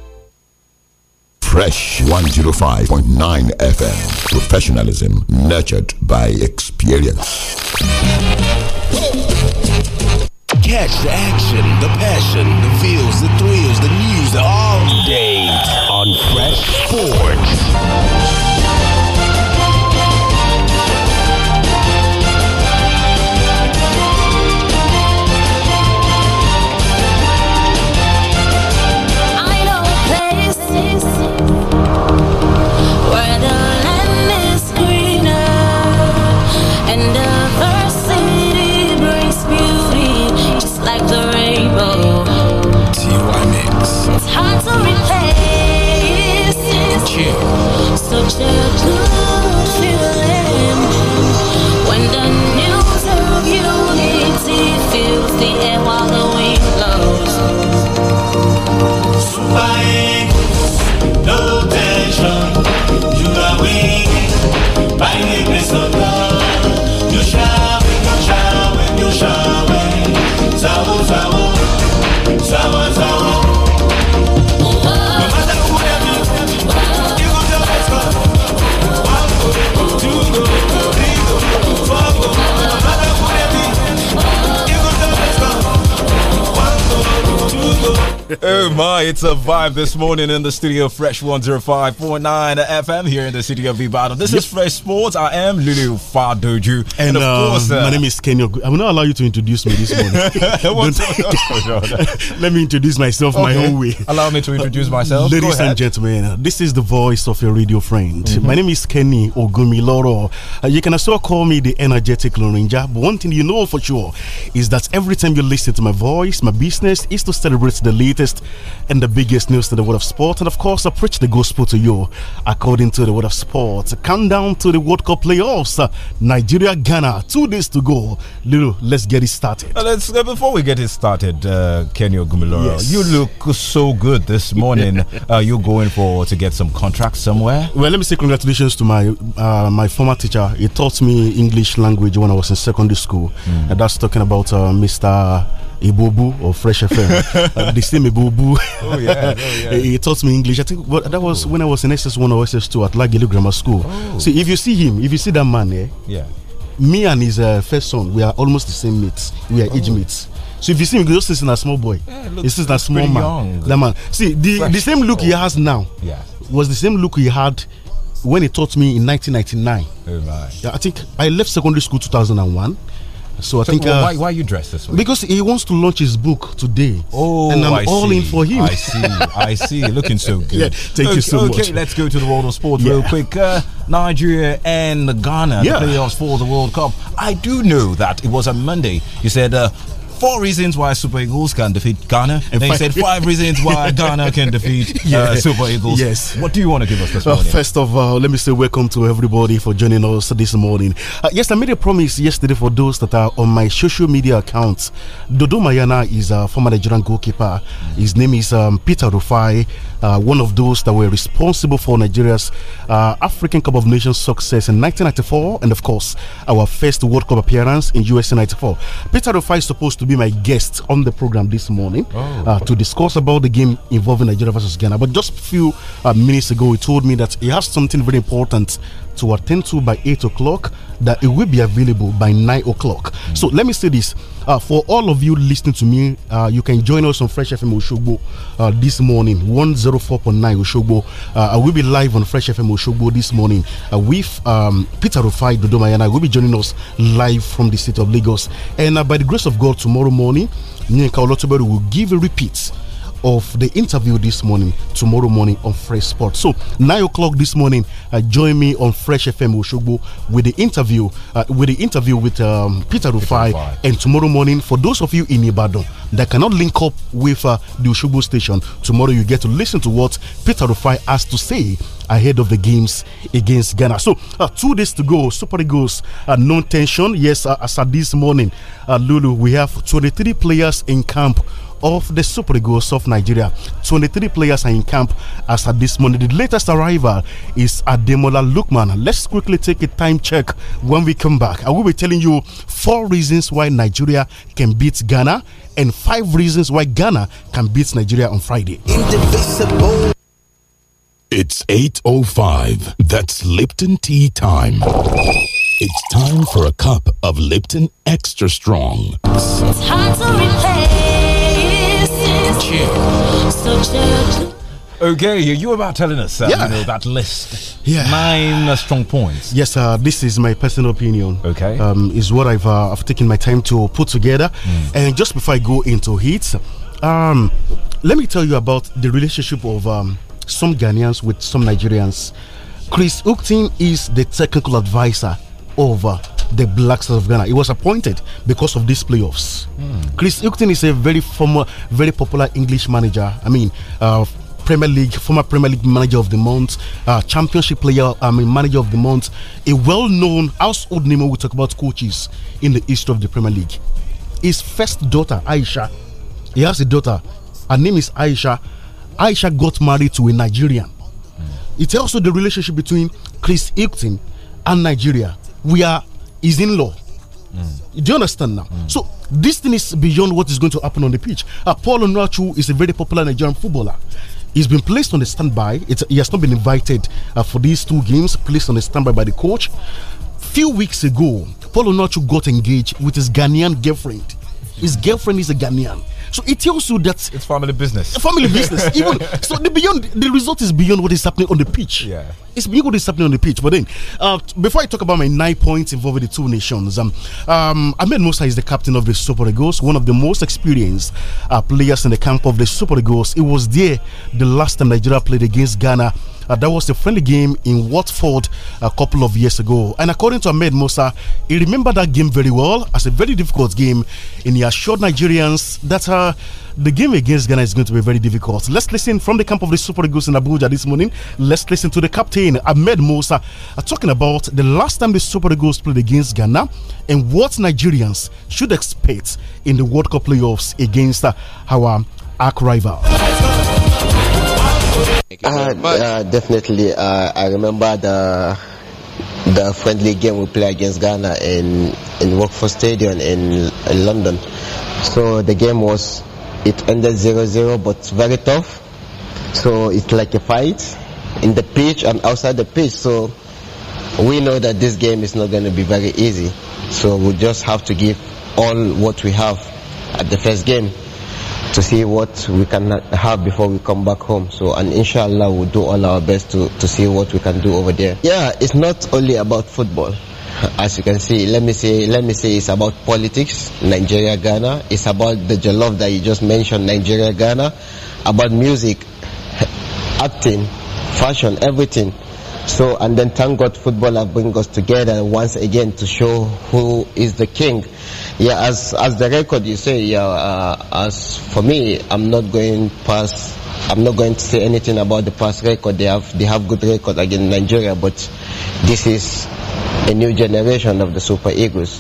Fresh 105.9 FM. Professionalism nurtured by experience. Catch the action, the passion, the feels, the thrills, the news all day on Fresh Sports. this oh my, it's a vibe this morning in the studio, Fresh 105.9 FM here in the city of Ibadan. This yep. is Fresh Sports. I am Lulu Fadoju. And, and of um, course, uh, my name is Kenny. I will not allow you to introduce me this morning. Let me introduce myself okay. my own way. Allow me to introduce myself. Ladies and gentlemen, uh, this is the voice of your radio friend. Mm -hmm. My name is Kenny Ogumiloro. Uh, you can also call me the energetic ranger. But one thing you know for sure is that every time you listen to my voice, my business is to celebrate the late latest and the biggest news in the world of sport. And of course, I preach the gospel to you according to the world of sport. Countdown to the World Cup playoffs. Uh, Nigeria, Ghana, two days to go. Little, let's get it started. Uh, let's, uh, before we get it started, uh, Kenny Ogumiloro, yes. you look so good this morning. Are uh, you going for to get some contracts somewhere? Well, let me say congratulations to my uh, my former teacher. He taught me English language when I was in secondary school. Mm. And that's talking about uh, Mr. Ibobu or Fresh FM. uh, the same Ibobu. Oh, yeah. Oh, yeah. he taught me English. I think but that was when I was in SS1 or SS2 at Lagilu Grammar School. Oh. See, if you see him, if you see that man, eh, yeah. me and his uh, first son, we are almost the same mates. We are oh. age mates. So if you see him, just since a small boy, yeah, looks, a small man, young. that man. See the the same look he has now yeah. was the same look he had when he taught me in 1999. Oh my! I think I left secondary school 2001. So I so think well, uh, why why you dressed this way? Because he wants to launch his book today. Oh, and I'm I all see. in for him. I see, I see. Looking so good. Yeah, thank okay, you so okay, much. Okay, let's go to the world of sports yeah. real quick. Uh, Nigeria and Ghana, yeah. the playoffs for the World Cup. I do know that it was on Monday. You said uh, four reasons why Super Eagles can defeat Ghana. And they said five reasons why Ghana can defeat uh, yeah. uh, Super Eagles. Yes. What do you want to give us this morning? Uh, first of all, let me say welcome to everybody for joining us this morning. Uh, yes, I made a promise yesterday for those that are on my social media accounts. Dodo Mayana is a former Nigerian goalkeeper. His name is um, Peter Rufai, uh, one of those that were responsible for Nigeria's uh, African Cup of Nations success in 1994 and, of course, our first World Cup appearance in USA 94. Peter Rufai is supposed to be my guest on the program this morning oh. uh, to discuss about the game involving Nigeria versus Ghana. But just a few uh, minutes ago, he told me that he has something very important to attend to by 8 o'clock, that it will be available by 9 o'clock. Mm. So let me say this. Uh, for all of you listening to me, uh, you can join us on Fresh FM Oshogbo uh, this morning, 104.9 Oshogbo. I uh, will be live on Fresh FM Oshogbo this morning uh, with um, Peter Rufai Dodomayana. will be joining us live from the state of Lagos. And uh, by the grace of God, tomorrow morning, Nyenka Olotoberu will give a repeat of the interview this morning, tomorrow morning on Fresh Sport. So, 9 o'clock this morning, uh, join me on Fresh FM Oshogbo with the interview uh, with the interview with um, Peter, Rufai. And tomorrow morning, for those of you in Ibadan that cannot link up with uh, the Oshogbo station, tomorrow you get to listen to what Peter Rufai has to say ahead of the games against Ghana. So, uh, two days to go, Super Eagles, uh, no tension. Yes, uh, as this morning, uh, Lulu, we have 23 players in camp of the Super Eagles of Nigeria. 23 players are in camp as at this morning. The latest arrival is Ademola Lukman. Let's quickly take a time check when we come back. I will be telling you four reasons why Nigeria can beat Ghana and five reasons why Ghana can beat Nigeria on Friday. Indivisible. It's 8.05. That's Lipton tea time. It's time for a cup of Lipton Extra Strong. Okay, you were about telling us, uh, yeah. you know, that list. Yeah. Nine uh, strong points. Yes, uh, this is my personal opinion. Okay. Um, is what I've, uh, I've taken my time to put together. Mm. And just before I go into it, um, let me tell you about the relationship of um, some Ghanaians with some Nigerians. Chris Uktin is the technical advisor of the Black Stars of Ghana. He was appointed because of these playoffs. Mm. Chris Hilton is a very former, very popular English manager. I mean, uh, Premier League, former Premier League manager of the month, uh, championship player, I mean, manager of the month, a well known household name when we talk about coaches in the history of the Premier League. His first daughter, Aisha, he has a daughter. Her name is Aisha. Aisha got married to a Nigerian. Mm. It's also the relationship between Chris Hilton and Nigeria. We are is in law. Mm. Do you understand now? Mm. So this thing is beyond what is going to happen on the pitch. Uh, Paul is a very popular Nigerian footballer. He's been placed on the standby. It's, he has not been invited uh, for these two games. Placed on the standby by the coach. Few weeks ago, Paulo Nacho got engaged with his Ghanaian girlfriend. His mm. girlfriend is a Ghanaian. So it tells you that it's family business. Family business. Even so, the beyond the result is beyond what is happening on the pitch. Yeah, it's beyond what is happening on the pitch. But then, uh, before I talk about my nine points involving the two nations, um, um, Ahmed Musa is the captain of the Super Eagles, one of the most experienced uh, players in the camp of the Super Eagles. It was there the last time Nigeria played against Ghana uh, that was a friendly game in Watford a couple of years ago. And according to Ahmed Musa, he remembered that game very well as a very difficult game. And he assured Nigerians that uh, the game against Ghana is going to be very difficult. Let's listen from the camp of the Super Eagles in Abuja this morning. Let's listen to the captain, Ahmed Musa, uh, talking about the last time the Super Eagles played against Ghana and what Nigerians should expect in the World Cup playoffs against uh, our arch rival. Uh, uh, definitely. Uh, I remember the the friendly game we play against Ghana in in Workforce Stadium in, in London. So the game was it ended 0-0, but very tough. So it's like a fight in the pitch and outside the pitch. So we know that this game is not going to be very easy. So we just have to give all what we have at the first game to see what we can have before we come back home. So, and inshallah, we'll do all our best to, to see what we can do over there. Yeah, it's not only about football. As you can see, let me say, let me say, it's about politics, Nigeria, Ghana. It's about the jollof that you just mentioned, Nigeria, Ghana. About music, acting, fashion, everything. So, and then thank God football have bring us together once again to show who is the king. Yeah, as as the record you say, yeah. Uh, as for me, I'm not going past. I'm not going to say anything about the past record. They have they have good record against Nigeria, but this is a new generation of the Super Eagles.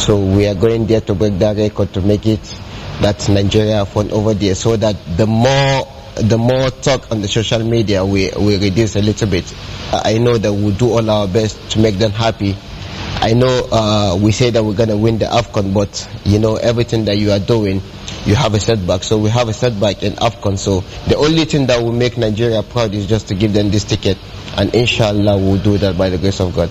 So we are going there to break that record to make it that Nigeria have won over there, so that the more the more talk on the social media, we we reduce a little bit. I know that we we'll do all our best to make them happy I know uh, we say that we're going to win the AFCON, but you know, everything that you are doing, you have a setback. So we have a setback in AFCON. So the only thing that will make Nigeria proud is just to give them this ticket. And inshallah, we'll do that by the grace of God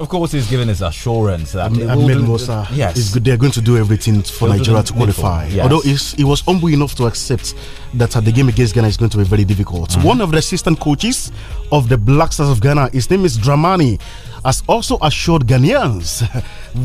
of course, he's given his assurance that Ahmed, Musa, yes, they're going to do everything for they'll Nigeria to qualify. Yes. Although he was humble enough to accept that uh, the game against Ghana is going to be very difficult. Mm. One of the assistant coaches of the Black Stars of Ghana, his name is Dramani has also assured Ghanaians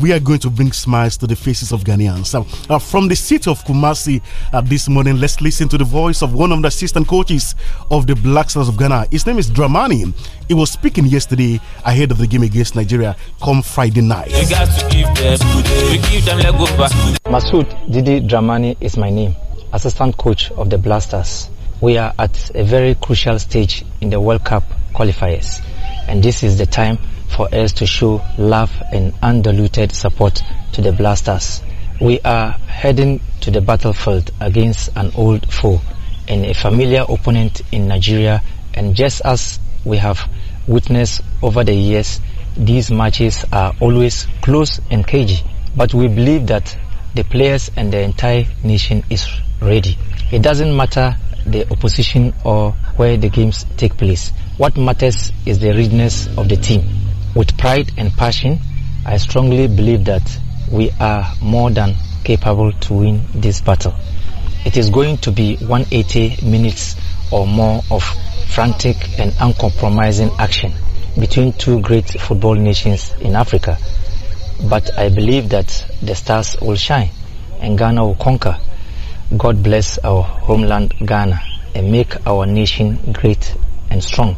we are going to bring smiles to the faces of Ghanaians. Uh, from the city of Kumasi uh, this morning, let's listen to the voice of one of the assistant coaches of the Black Stars of Ghana. His name is Dramani. He was speaking yesterday ahead of the game against Nigeria come Friday night. You got to give them, we give them let uh. Masoud Didi Dramani is my name, assistant coach of the Blasters. We are at a very crucial stage in the World Cup qualifiers, and this is the time for us to show love and undiluted support to the blasters. We are heading to the battlefield against an old foe and a familiar opponent in Nigeria and just as we have witnessed over the years, these matches are always close and cagey. But we believe that the players and the entire nation is ready. It doesn't matter the opposition or where the games take place. What matters is the readiness of the team. With pride and passion, I strongly believe that we are more than capable to win this battle. It is going to be 180 minutes or more of frantic and uncompromising action between two great football nations in Africa. But I believe that the stars will shine and Ghana will conquer. God bless our homeland Ghana and make our nation great and strong.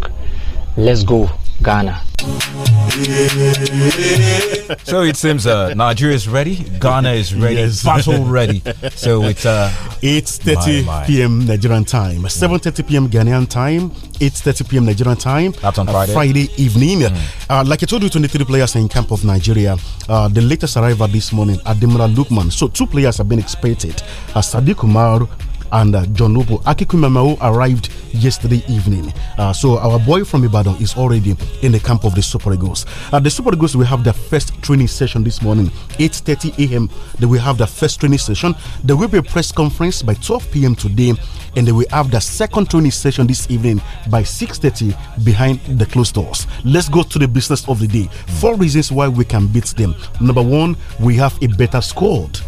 Let's go Ghana. so it seems uh, Nigeria is ready, Ghana is ready, yes. battle ready. So uh, it's uh, 8:30 p.m. Nigerian time, 7:30 p.m. Ghanaian time, 8:30 p.m. Nigerian time. That's on uh, Friday, Friday evening. Mm. Uh, like I told you, 23 players in camp of Nigeria. Uh, the latest arrival this morning, Admiral Lukman. So two players have been expected: uh, Sadiq Umar and uh, John Noble. Akikumemao arrived yesterday evening. Uh, so our boy from Ibadan is already in the camp of the Super Eagles. Uh, the Super Eagles will have their first training session this morning, 8.30 a.m. They will have their first training session. There will be a press conference by 12 p.m. today and they will have their second training session this evening by 6.30 behind the closed doors. Let's go to the business of the day. Four reasons why we can beat them. Number one, we have a better squad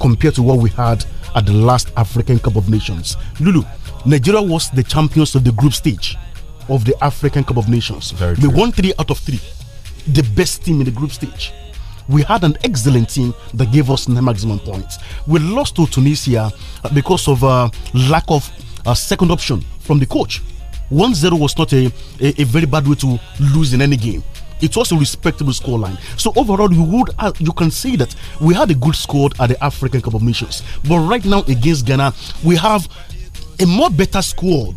compared to what we had at the last African Cup of Nations. Lulu, Nigeria was the champions of the group stage of the African Cup of Nations. Very we true. won three out of three, the best team in the group stage. We had an excellent team that gave us the maximum points. We lost to Tunisia uh, because of a uh, lack of a uh, second option from the coach. 1 0 was not a, a, a very bad way to lose in any game. It was a respectable scoreline. So overall, you would uh, you can see that we had a good squad at the African Cup of Nations. But right now against Ghana, we have a more better squad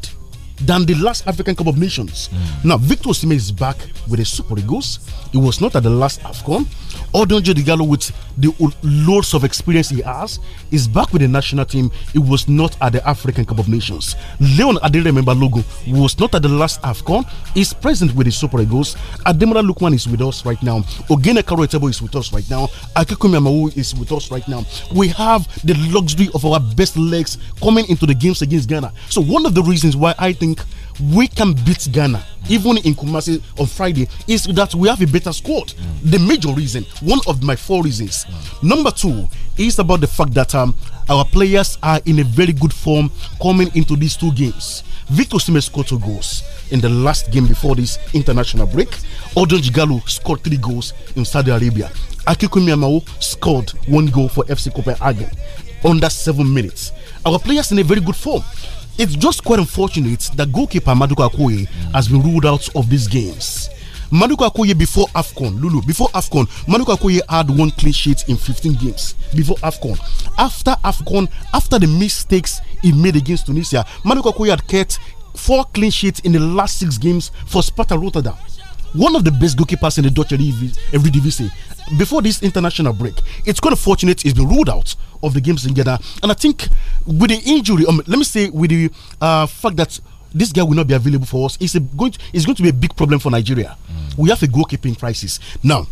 than the last African Cup of Nations. Mm. Now, Victor Osimhen is back with the Super Eagles. He was not at the last AFCON. Odonjo Digallo, with the loads of experience he has, is back with the national team. He was not at the African Cup of Nations. Leon remember Logo was not at the last AFCON. He's present with the Super Eagles. Ademola Lukman is with us right now. Ogene Karoetebo is with us right now. Akikumi Amawu is with us right now. We have the luxury of our best legs coming into the games against Ghana. So one of the reasons why I think think we can beat Ghana even in Kumasi on Friday is that we have a better squad. Mm. The major reason, one of my four reasons. Mm. Number two is about the fact that um, our players are in a very good form coming into these two games. Victor Sime scored two goals in the last game before this international break. Odon Jigalo scored three goals in Saudi Arabia. Akikumi Amao scored one goal for FC Copenhagen under seven minutes. Our players in a very good form. It's just quite unfortunate that goalkeeper Maduka Akoye has been ruled out of these games. Maduka Akoye before AFCON, Lulu, before AFCON, Maduka Akoye had one clean sheet in 15 games before AFCON. After AFCON, after the mistakes he made against Tunisia, Maduka Akoye had kept four clean sheets in the last six games for Sparta Rotterdam. one of the best goalkeepers in the Dutch Eredivisie before this international break. It's quite unfortunate he's been ruled out of the games in And I think with the injury, um, let me say with the uh, fact that this guy will not be available for us, it's, going, to, it's going to be a big problem for Nigeria. Mm. We have a goalkeeping crisis. Now,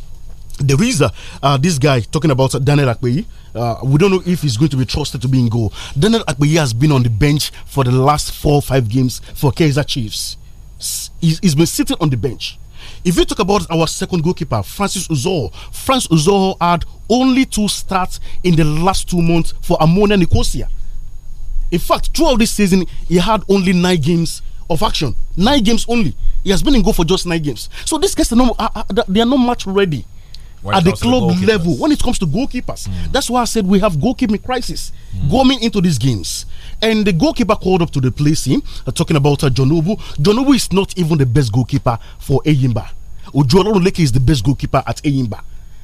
there is uh, uh, this guy talking about Daniel Akpeyi. Uh, we don't know if he's going to be trusted to be in goal. Daniel Akpeyi has been on the bench for the last four or five games for Kaiser Chiefs. He's, he's been sitting on the bench. If you talk about our second goalkeeper, Francis Uzo, Francis Uzo had only two starts in the last two months for Ammonia Nicosia. In fact, throughout this season, he had only nine games of action. Nine games only. He has been in goal for just nine games. So these guys are not, they are not much ready when at the club the level when it comes to goalkeepers. Mm. That's why I said we have goalkeeping crisis mm. going into these games. And the goalkeeper called up to replace him, uh, talking about uh, Jonobu. Jonobu is not even the best goalkeeper for Eyimba. Ojo Olorunleke is the best goalkeeper at Eyimba.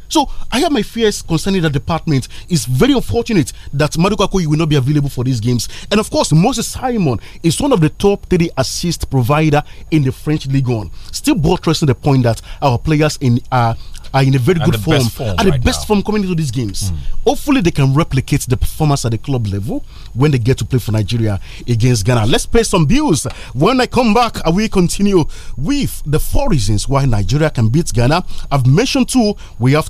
So I have my fears concerning that department. It's very unfortunate that Maduka will not be available for these games. And of course, Moses Simon is one of the top three assist provider in the French League One. Still buttressing the point that our players in are are in a very and good form, form and right the best form coming into these games. Mm. Hopefully, they can replicate the performance at the club level when they get to play for Nigeria against Ghana. Let's pay some bills. When I come back, I will continue with the four reasons why Nigeria can beat Ghana. I've mentioned two. We have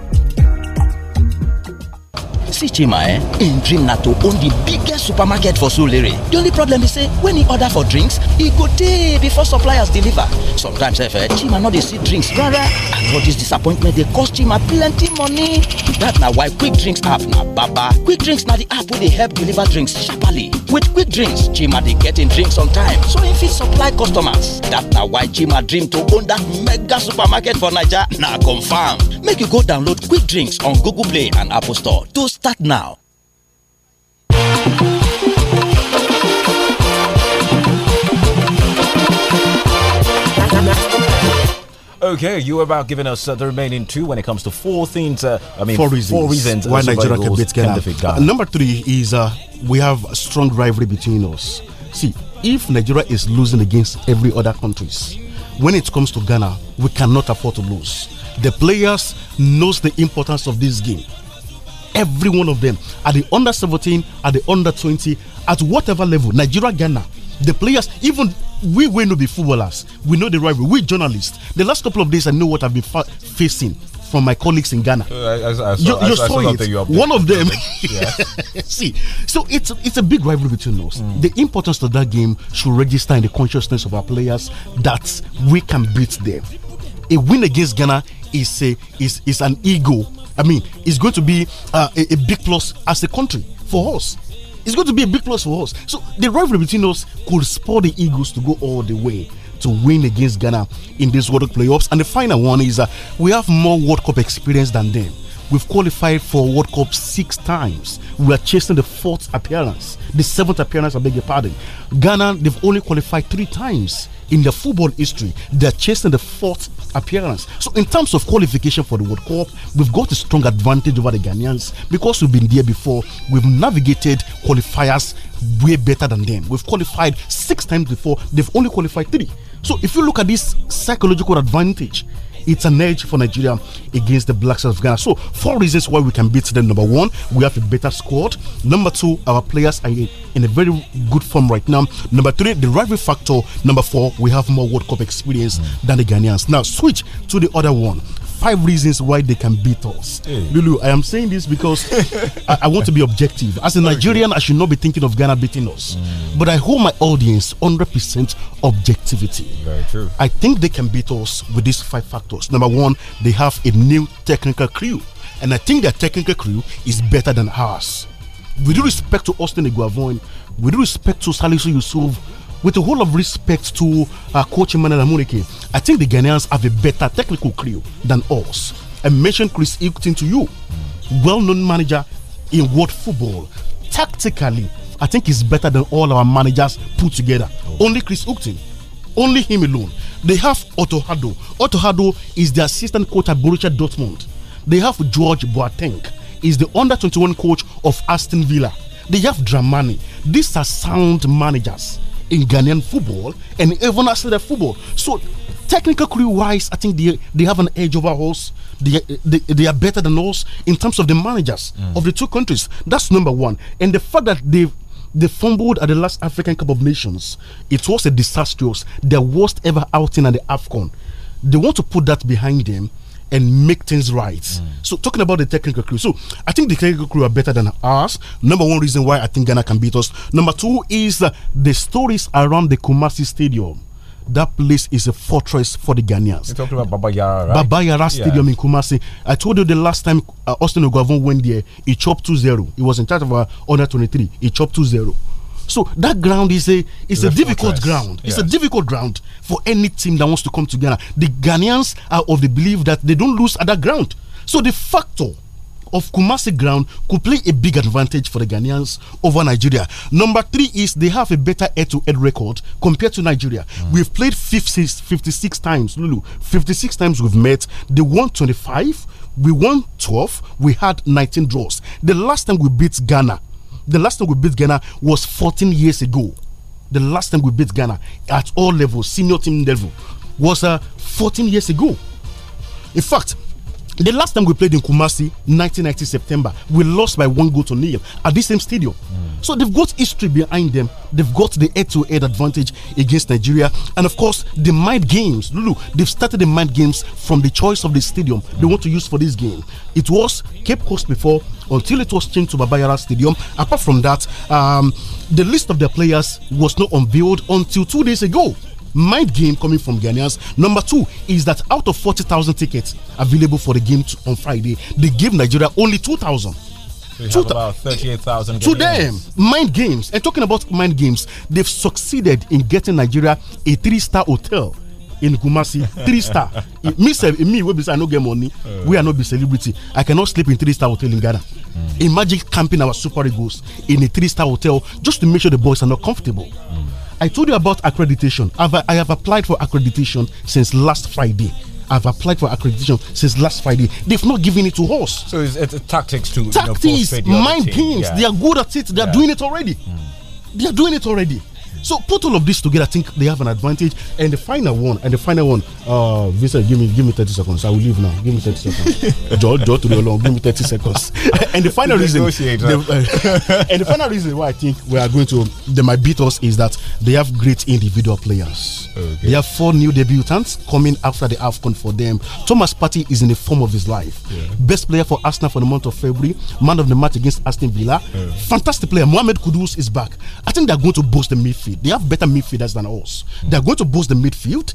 see chima eh im dream na to own the biggest supermarket for solere The only problem is say when he order for drinks he go dey before suppliers deliver sometimes sef eh, eh chima not dey see drinks rara and all dis disappointment they cost chima plenty money dat na why quick drinks app na baba quick drinks na the app wey dey help deliver drinks sharply. with quick drinks chima they get im drinks on time so if fit supply customers dat na why chima dream to own that mega supermarket for Niger. na confirm. make you go download quick drinks on google play and apple store to Start now. Okay, you were about giving us uh, the remaining two when it comes to four things. Uh, I mean, four reasons, four reasons why Nigeria can beat Ghana. Uh, number three is uh, we have a strong rivalry between us. See, if Nigeria is losing against every other countries, when it comes to Ghana, we cannot afford to lose. The players knows the importance of this game Every one of them at the under 17, at the under 20, at whatever level, Nigeria, Ghana, the players, even we will not be footballers. We know the rivalry. We journalists. The last couple of days, I know what I've been facing from my colleagues in Ghana. Uh, you, saw, it. One of them. See, so it's it's a big rivalry between us. Mm. The importance of that game should register in the consciousness of our players that we can beat them. A win against Ghana is a is is an ego I mean, it's going to be uh, a, a big plus as a country for us. It's going to be a big plus for us. So the rivalry between us could spur the Eagles to go all the way to win against Ghana in this World Cup playoffs. And the final one is uh, we have more World Cup experience than them. We've qualified for World Cup six times. We are chasing the fourth appearance, the seventh appearance, I beg your pardon. Ghana, they've only qualified three times in their football history. They're chasing the fourth appearance. So, in terms of qualification for the World Cup, we've got a strong advantage over the Ghanaians because we've been there before. We've navigated qualifiers way better than them. We've qualified six times before, they've only qualified three. So, if you look at this psychological advantage, it's an edge for Nigeria against the Black Stars of Ghana. So, four reasons why we can beat them. Number one, we have a better squad. Number two, our players are in a very good form right now. Number three, the rivalry factor. Number four, we have more World Cup experience mm. than the Ghanaians. Now, switch to the other one five reasons why they can beat us. Hey. Lulu, I am saying this because I, I, want to be objective. As a Nigerian, okay. I should not be thinking of Ghana beating us. Mm. But I hold my audience 100% objectivity. Very true. I think they can beat us with these five factors. Number one, they have a new technical crew. And I think their technical crew is better than ours. With due respect to Austin Iguavoin, with due respect to Salisu Yusuf, with a whole of respect to uh, Coach Emmanuel Munike, I think the Ghanaians have a better technical crew than us. I mentioned Chris Hilton to you, well-known manager in world football. Tactically, I think he's better than all our managers put together. Oh. Only Chris Hilton, only him alone. They have Otto Hado. Otto Hado is the assistant coach at Borussia Dortmund. They have George Boateng, is the under-21 coach of Aston Villa. They have Dramani. These are sound managers in Ghanaian football and even outside the football. So technically wise, I think they they have an edge over us. They, they, they are better than us in terms of the managers mm. of the two countries. That's number one. And the fact that they they fumbled at the last African Cup of Nations, it was a disastrous, their worst ever outing at the AFCON. They want to put that behind them and make things right. Mm. So talking about the technical crew, so I think the technical crew are better than us. Number one reason why I think Ghana can beat us. Number two is uh, the stories around the Kumasi Stadium that place is a fortress for the Ghanaians. You're talking about Baba Yara, right? Baba Yara Stadium yeah. in Kumasi. I told you the last time uh, Austin Ogavon went there, he chopped 2 0. He was in charge of uh, under 23. He chopped 2 0. So that ground is a is a difficult fortress. ground. Yes. It's a difficult ground for any team that wants to come to Ghana. The Ghanaians are of the belief that they don't lose at that ground. So the factor of Kumasi ground could play a big advantage for the Ghanaians over Nigeria. Number three is they have a better head to head record compared to Nigeria. Mm. We've played 56, 56 times, Lulu. 56 times we've met. They won 25, we won 12, we had 19 draws. The last time we beat Ghana the last time we beat Ghana was 14 years ago. The last time we beat Ghana at all levels, senior team level, was uh, 14 years ago. In fact, the last time we played in Kumasi, 1990 September, we lost by one goal to nil at the same stadium. Mm. So they've got history behind them. They've got the head-to-head advantage against Nigeria, and of course the mind games. Lulu, they've started the mind games from the choice of the stadium mm. they want to use for this game. It was Cape Coast before until it was changed to Babayara Stadium. Apart from that, um, the list of the players was not unveiled until two days ago mind game coming from Ghanaians. Number two is that out of 40,000 tickets available for the game on Friday, they gave Nigeria only 2,000. So to, 38,000 to them, mind games. And talking about mind games, they've succeeded in getting Nigeria a three star hotel in Kumasi, three star. me, me, we be say I no get money. Uh, we are not be celebrity. I cannot sleep in three star hotel in Ghana. Mm. Imagine camping our Super egos in a three star hotel just to make sure the boys are not comfortable. Mm. I told you about accreditation. I've, I have applied for accreditation since last Friday. I've applied for accreditation since last Friday. They've not given it to us. So it's, it's tactics to tactics, you know, mind games. Yeah. They are good at it. They are doing it already. Mm. They are doing it already. So put all of this together, I think they have an advantage. And the final one, and the final one, uh, Vincent, give me give me 30 seconds. I will leave now. Give me 30 seconds. George, George, to be alone. Give me 30 seconds. and the final reason, the, uh, and the final reason why I think we are going to they might beat us is that they have great individual players. Okay. They have four new debutants coming after the Afcon for them. Thomas Partey is in the form of his life. Yeah. Best player for Arsenal for the month of February. Man of the match against Aston Villa. Yeah. Fantastic player. Mohamed Kudus is back. I think they are going to boost the midfield midfield. They have better midfielders than us. Mm. They're going to boost the midfield.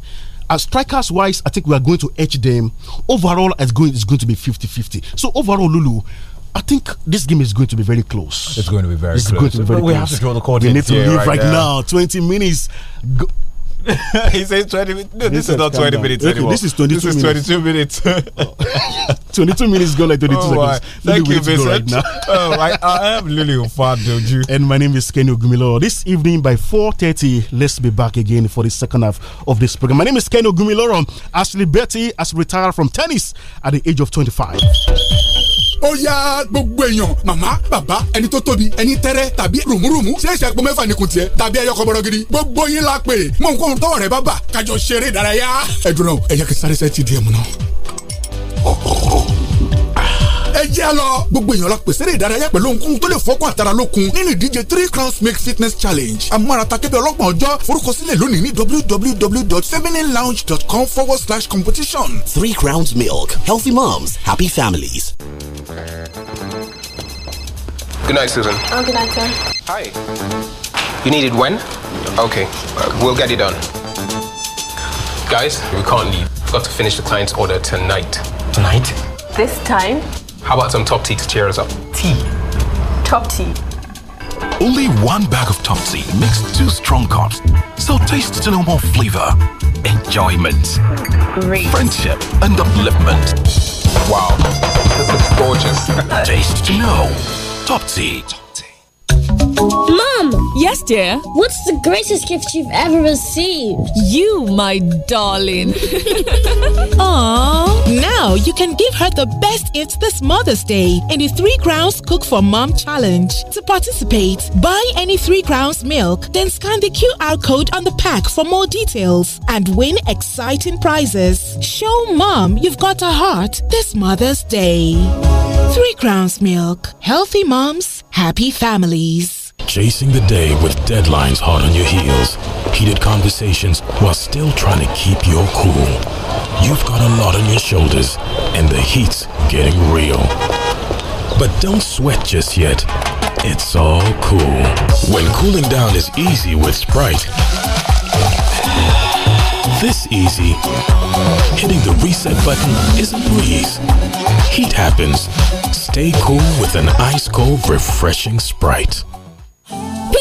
As strikers wise, I think we are going to edge them. Overall, it's going, it's going to be 50 50. So, overall, Lulu. I think this game is going to be very close. It's going to be very it's close. Be very we close. have to draw the coordinates. We need to leave right, right now. 20 minutes. Go he says 20 minutes. No, this, this is not 20 down. minutes okay, anymore. This is 22 this minutes. Is 22 minutes. oh. 22 minutes gone like 22 oh seconds. Thank you, Vincent. Right now. oh, I, I am Lily Ofadoju. And my name is Kenny Ogumiloro. This evening by 4.30, let's be back again for the second half of this program. My name is Kenny Ogumiloro. Ashley Betty has retired from tennis at the age of 25. ó yá gbogbo èèyàn màmá bàbá ẹni tó tóbi ẹni tẹ́rẹ́ tàbí rùmùrùmù ṣẹ̀ṣẹ̀ pọ̀ mẹ́fà nìkun tiẹ̀ tàbí ẹyọ kọ́bọ̀rọ̀ gidi gbogbo yín la pè mọ̀ nǹkan tọ́wọ̀ rẹ̀ bá bà kájọ ṣeré ìdárayá ẹ̀dùn náà ẹ̀yà kẹsàrẹ́sẹ̀ ti di ẹ̀mú náà. jẹ́ lọ. gbogbo èèyàn la pèsè ìdárayá pẹ̀lú nkún tó lè fọ́kàn àtàrà lókun nínú ìdíje three crowns make fitness challenge. amárata kébé ọlọ́gbọ̀n ọjọ́ forúkọsílẹ̀ lónìí ní www.femininelounge.com forward slash competition. three crowns milk healthy moms happy families. Good night, Susan. Oh, good night, sir. Hi. You needed when? Okay, uh, we'll get it done. Guys, we can't leave. got to finish the client's order tonight. Tonight? This time? How about some top tea to cheer us up? Tea. Top tea. Only one bag of top tea makes two strong cups. So taste to know more flavor, enjoyment, Great. friendship, and upliftment. Wow, this is gorgeous. taste to know. Top tea. Top tea. Mom! Yes, dear. What's the greatest gift you've ever received? You, my darling. Aww. Now you can give her the best gift this Mother's Day in the Three Crowns Cook for Mom Challenge. To participate, buy any Three Crowns milk, then scan the QR code on the pack for more details and win exciting prizes. Show mom you've got a heart this Mother's Day. Three Crowns Milk. Healthy moms, happy families. Chasing the day with deadlines hot on your heels, heated conversations while still trying to keep your cool. You've got a lot on your shoulders, and the heat's getting real. But don't sweat just yet. It's all cool. When cooling down is easy with Sprite, this easy. Hitting the reset button is a breeze. Heat happens. Stay cool with an ice cold, refreshing Sprite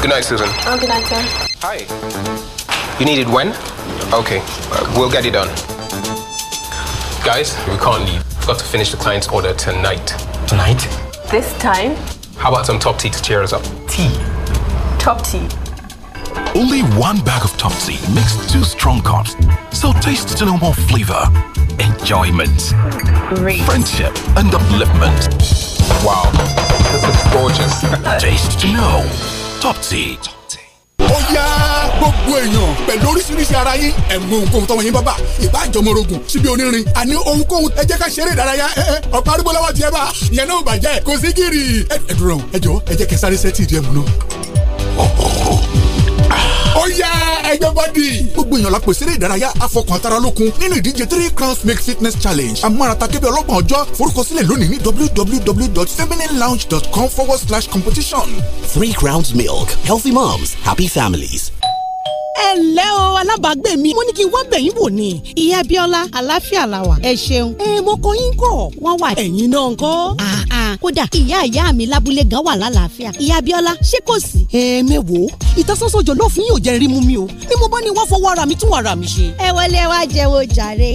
Good night, Susan. Oh, good night, sir. Hi. You need it when? Okay, uh, we'll get it done. Guys, we can't leave. We've got to finish the client's order tonight. Tonight? This time? How about some top tea to cheer us up? Tea. Top tea. Only one bag of top tea makes two strong cups. So taste to know more flavor, enjoyment, Great. friendship, and upliftment. Wow, this is gorgeous. taste to know. Top ó yá gbogbo èèyàn pẹ̀lú oríṣiríṣi ara yín ẹ̀ mú nǹkan tọwọ́ yín bábà ìbá àjọmọ̀rògùn síbi onírin àní ohunkóhun ẹ jẹ́ ká ṣeré ìdárayá ẹ ẹ ọ̀pá arúgbó lọ́wọ́ tiẹ̀ bá ìyẹn náà bàjẹ́ kò sí gírì. ẹ dúró ẹ jọ ẹ jẹ́ kẹsàrẹ́sẹ́ tì í di ẹ̀ náà yá ẹgbẹ́ bọ́dì. gbogbo èèyàn la pèsè eré ìdárayá afọkàntara lókun nínú ìdíje three crowns make fitness challenge amúnarata kébé ọlọ́gbọ̀n ọjọ́ forúkọsílẹ̀ lónìí ní www.femininelounge.com forward slash competition. three crowns milk healthy moms happy families ẹ ǹlẹ́ o alábàágbé mi mo ní kí n wá bẹ̀yìn wò ni. ìyá bíọ́lá àlàáfíà la wà. ẹ ṣeun. ẹ mo kọ yín kọ wọn wà ẹ̀yin náà ńkọ́. Ah, ah. kódà ìyá ìyá mi lábúlé gan wà lálàáfíà ìyá bíọ́lá ṣé kò sí. ẹ mẹ́wòó ìtasọ́sọ́ jọ̀lọ́ fún yóò jẹ́ rímú mi o ni mo bá ní wá fọwọ́ ara mi tún ara mi ṣe. ẹ wọlé wá jẹun jàre.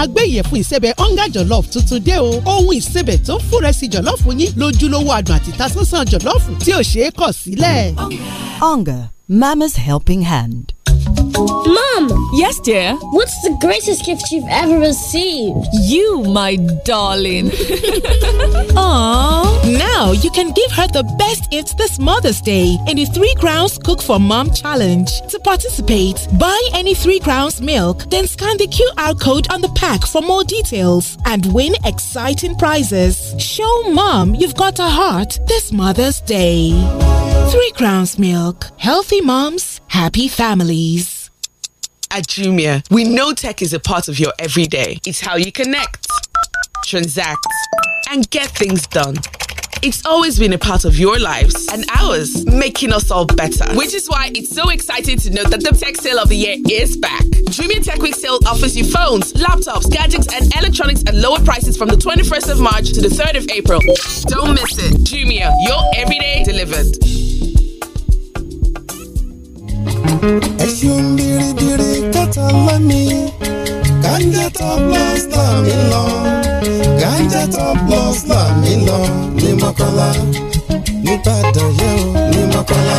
àgbẹ̀ ìyẹ̀fun ìsẹ̀bẹ̀ ọ̀ngá jọ̀lọ́f tuntun dé o ohun ìsẹ̀bẹ̀ tó ń fúnrẹ́sì jọ̀lọ́fù yín lójúlówó adùn àti ìtasọ́sọ́ jọ̀lọ́fù tí ò ṣeé kọ̀ sílẹ̀. ọ̀ngá Mama's Helping Hand. Mom! Yes, dear? What's the greatest gift you've ever received? You, my darling. Aww. Now you can give her the best gift this Mother's Day in the Three Crowns Cook for Mom Challenge. To participate, buy any Three Crowns milk, then scan the QR code on the pack for more details and win exciting prizes. Show Mom you've got a heart this Mother's Day. Three Crowns Milk. Healthy moms, happy families. At Jumia, we know tech is a part of your everyday. It's how you connect, transact, and get things done. It's always been a part of your lives and ours, making us all better. Which is why it's so exciting to note that the tech sale of the year is back. Jumia Tech Week sale offers you phones, laptops, gadgets, and electronics at lower prices from the 21st of March to the 3rd of April. Don't miss it. Jumia, your everyday delivered. ẹ ṣeun biribiri kẹta lami ganja top loss là mí lọ ganja top loss là mí lọ ní mọ́kànlá nígbàdàn yẹn ò ní mọ́kànlá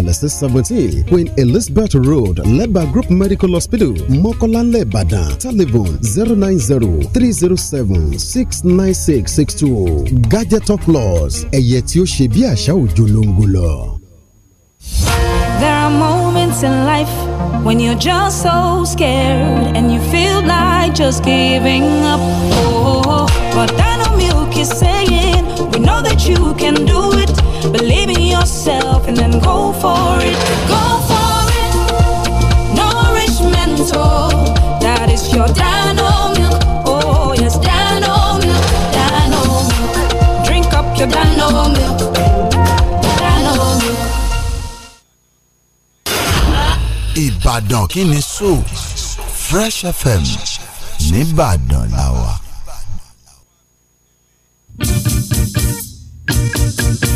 dialysis 17 Queen Elizabeth Road, Leba Group Medical Hospital, Mokola Lebada. Telephone 090-307-69662. Gadget of Laws, ẹ̀yẹ tí ó ṣe There are moments in life when you're just so scared and you feel like just giving up. Oh, but Dino Milk is saying, We know that you can do it. Believe yourself and then go for it. Go for it. Nourish mental. That is your dino milk. Oh, yes, dino milk. Dino milk. Drink up your dino milk. Dino milk. Ìbàdàn kí ni so Fresh FM nìbàdàn làwà. thank you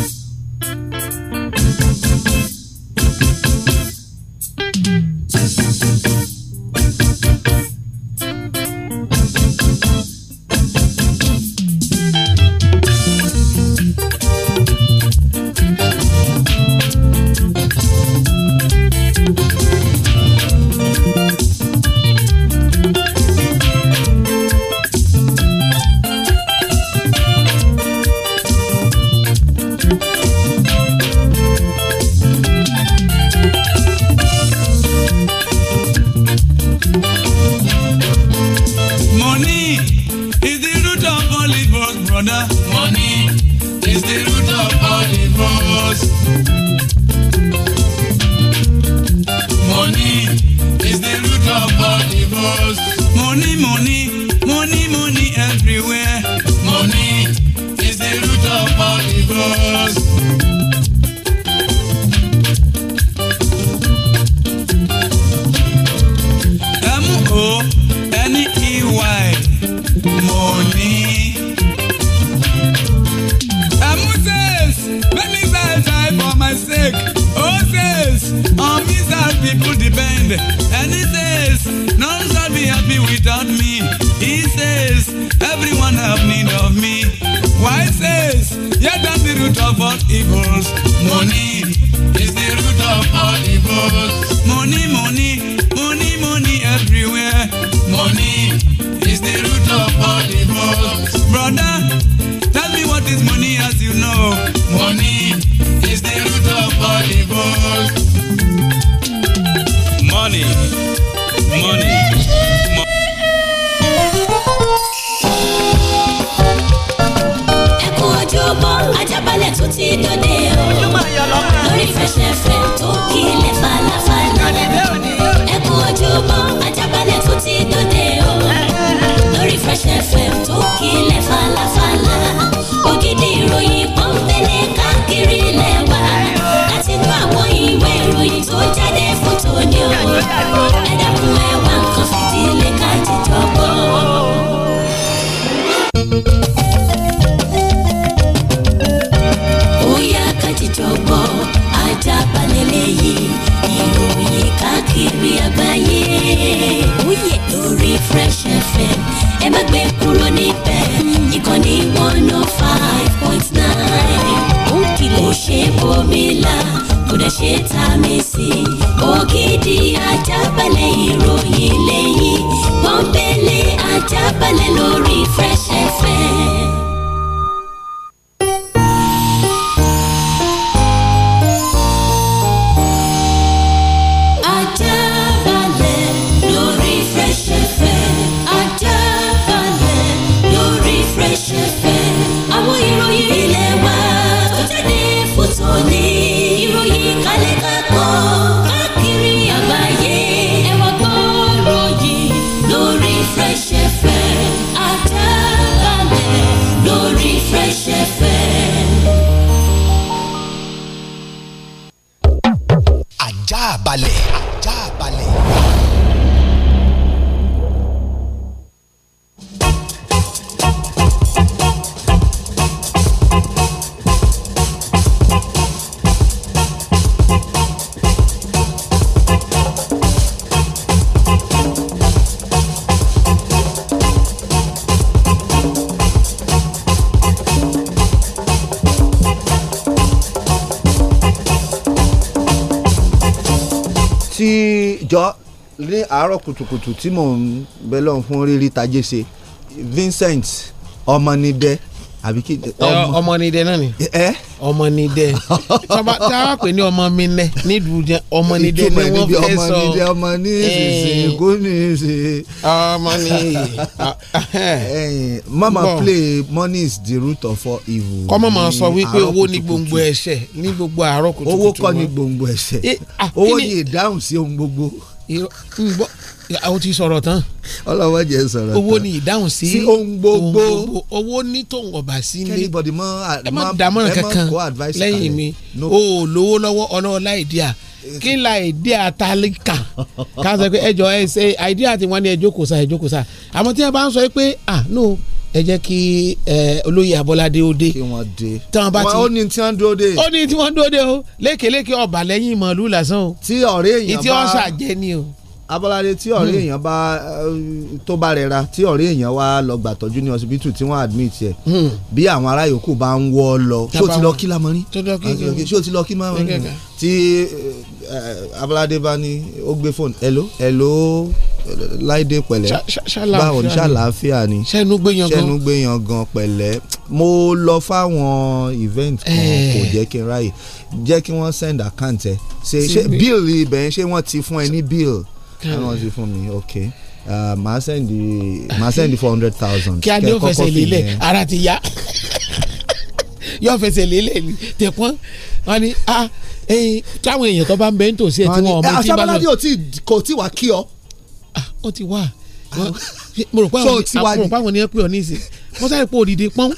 káàkiri àgbáyé. Oyè oh lórí Refresh FM ẹ má gbé kúrò níbẹ̀ ìkànnì one oh five point nine. Ó kìlẹ̀ ó ṣe bòmílà kódà ṣe tá a mi sí. Ògidì ajábalẹ̀ ìròyìn lẹ́yìn pọ́npẹ́lẹ́ ajábalẹ̀ lórí Refresh FM. kùtùkùtù tí mò ń bẹ lọ́n fún rírí tajé ṣe Vincent ọmọnidẹ àbí kí. ọmọnidẹ náà ni ọmọnidẹ tá a pè ní ọmọ mi nẹ nídùú jẹ ọmọnidẹ ni wọn fẹ́ sọ ọmọnidẹ ọmọ ní ìsinsìnyí kò ní ìsinsìnyí. ọmọ ní ìyí. mama play money is the root of all evil. kọ́mọ́ máa sọ wípé owó ní gbòǹgbò ẹ̀ṣẹ̀ ní gbogbo àárọ̀ kùtùkùtù. owó kọ́ ní gbòǹgbò ẹ̀ṣẹ̀ eh, ah, owó ní ìdáhùn sí ohun gbogbo o ti sọ̀rọ̀ tán. ọlọ́wọ́ jẹ́ sọ̀rọ̀ tán owó ni ìdáhùn sí ohun gbogbo owó ní tòun ọ̀bà sí ilé kẹ́nìbọ̀dì mọ́ ẹ má dámọ̀ràn kankan lẹ́yìn mi o ò lówó lọ́wọ́ ọlọ́ọ̀lá ìdíà eh. kí n la ìdíà tálíkà ká sọ pé ẹjọ ẹ ṣe àìdíà tí wọ́n ní ẹjọ́ kò sa ẹjọ́ kò sa àmọ́ tí wọ́n bá ń sọ pé ah no ẹ jẹ́ kí olóyè abọ́ládé ó dé. kí wọ́n dé tán bá ti ó ní tí wọ́n dúró dé. ó ní tí wọ́n dúró dé o lékeleke ọ̀bà lẹ́yìn mọ̀ọ́lù lásán o. tí ọ̀rẹ́ èèyàn bá ìtí ọ̀sà jẹ́ ni o. Abọ́ládé tí ọ̀rẹ́ hmm. èèyàn bá eh, tó bá rẹra tí ọ̀rẹ́ èèyàn wá lọ gbà tọ́jú ní ọsibítù tí wọ́n admit ẹ̀ hmm. bí àwọn ará yòókù bá ń wọ́ ọ lọ ṣé o ti lọ kí lamọ́ ah, rí ṣé o ti lọ kí máa tí eh, eh, Abọ́ládé bá ní ó gbé fóònù hello hello láìdé pẹ̀lẹ́ báwo ni ṣàlàáfíà ni ṣẹ́nu gbéyan gan pẹ̀lẹ́ mo lọ fáwọn event kan kò jẹ́ kí n ráyè jẹ́ kí wọ́n send account ẹ̀ ṣe bíìlì ibẹ̀ ṣé wọ́n ti fún ẹ ní bíìlì how much you fún mi okay uh, màá sẹ́ndì màá sẹ́ndì four hundred thousand. kí adé òfẹsẹ̀ lélẹ̀ ara ti yá yóò fẹsẹ̀ lélẹ̀ ni tẹ̀pọ́n wọn ni a ah, táwọn èèyàn tó bá ń bẹ ń tòsí ẹ̀ tí wọn ọmọ ah, tí bá lọ. aṣábáládé kò tí wàá kí ọ. Ah, ó ti wà mo rò pé àwọn ni pè ọ ní ìsìn mo sáré pé òdìdí pọ́n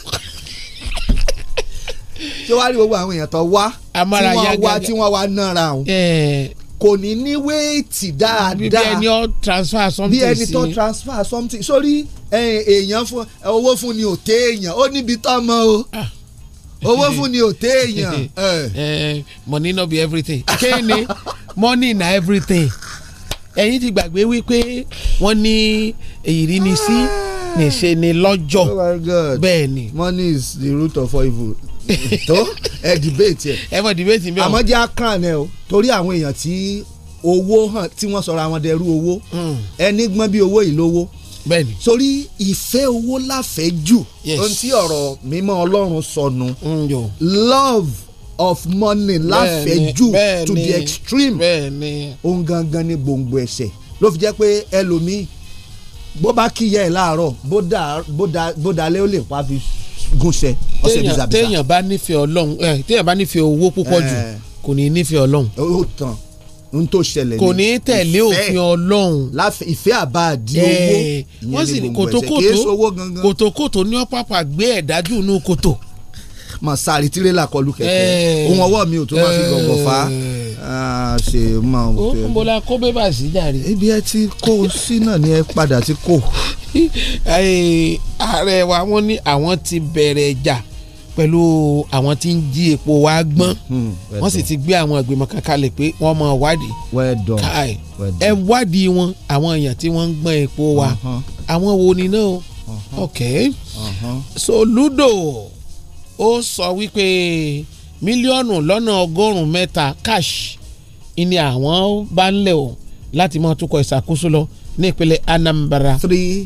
ṣé wàá rí gbogbo àwọn èèyàn tó wá tí wọ́n wá tí wọ́n wá nára àwọn kò ní ní wéètì dáadáa bí ẹni ó transfer something sí bí ẹni tó transfer something sórí èèyàn fún owó fún ni ò té èèyàn ó níbi tó mọ o ah. owó fún ni ò té èèyàn. money no be everything kí money na everything ẹ̀yin ti gbàgbé wípé wọ́n ní ìrírí ni sí. Si ah. níṣe ni lọ́jọ́ oh bẹ́ẹ̀ ni. money is the root of all evil tó ẹ dìbéètì ẹ. ẹ mọ dìbéètì mi o. àmọ́ jẹ́ akran ẹ o torí àwọn èèyàn tí owó hàn tí wọ́n sọ̀rọ̀ àwọn dẹrú owó hmm. ẹni gbọ́n bí owó ìlówó bẹ́ẹ̀ni torí ìfẹ́ owó láfẹ́ jù ohun tí ọ̀rọ̀ mímọ́ Ọlọ́run sọnù hmm, love of money láfẹ́ jù to the extreme ohun gangan ni gbòǹgbò ẹ̀ṣẹ̀ ló fi jẹ́ pé ẹlòmíì bó bá kíyẹ ẹ̀ láàárọ̀ bó dalẹ́ ó lè pa fi sùn gúnṣẹ ọ̀sẹ̀ bí zabiza. téèyàn bá nífẹ̀ẹ́ ọlọ́run ẹ eh, téèyàn bá nífẹ̀ẹ́ owó púpọ̀ jù eh. kò ní nífẹ̀ẹ́ ọlọ́run. ó tán n tó ṣẹlẹ̀ ni kò ní tẹ̀lé òfin ọlọ́run. láfẹ́ ìfẹ́ àbá àdí owó eh, wọ́n sì ní kòtòkòtò kòtòkòtò ní ọ́pàpà gbé ẹ̀dájú inú kòtò. mà sáré tirẹ́là kọlu kẹ̀kẹ́ ohun ọwọ́ mi ò tó máa fi gọ̀gọ̀ fa ṣe máa. ó ń bọ́lá kó bébà sí jàre. ibi ẹ ti kó sí náà ni ẹ padà ti kó ààrẹ wa wọ́n ní àwọn ti bẹ̀rẹ̀ ìjà pẹ̀lú àwọn tí ń jí epo wa gbọ́n hmm, wọ́n sì ti gbé àwọn ìgbìmọ̀ kan kalẹ̀ pé wọ́n mọ wádìí káì ẹ wádìí wọn àwọn èèyàn tí wọ́n ń gbọ́n epo wa uh-huh. àwọn wo ni náà uh-huh. ok uh-huh. so ludo ó sọ wípé mílíọ̀nù lọ́nà ọgọ́rùn-ún mẹ́ta cash ni àwọn bá ń lẹ̀ o láti máa tukọ̀ ìṣàkóso lọ ní ìpínlẹ̀ Anambra. three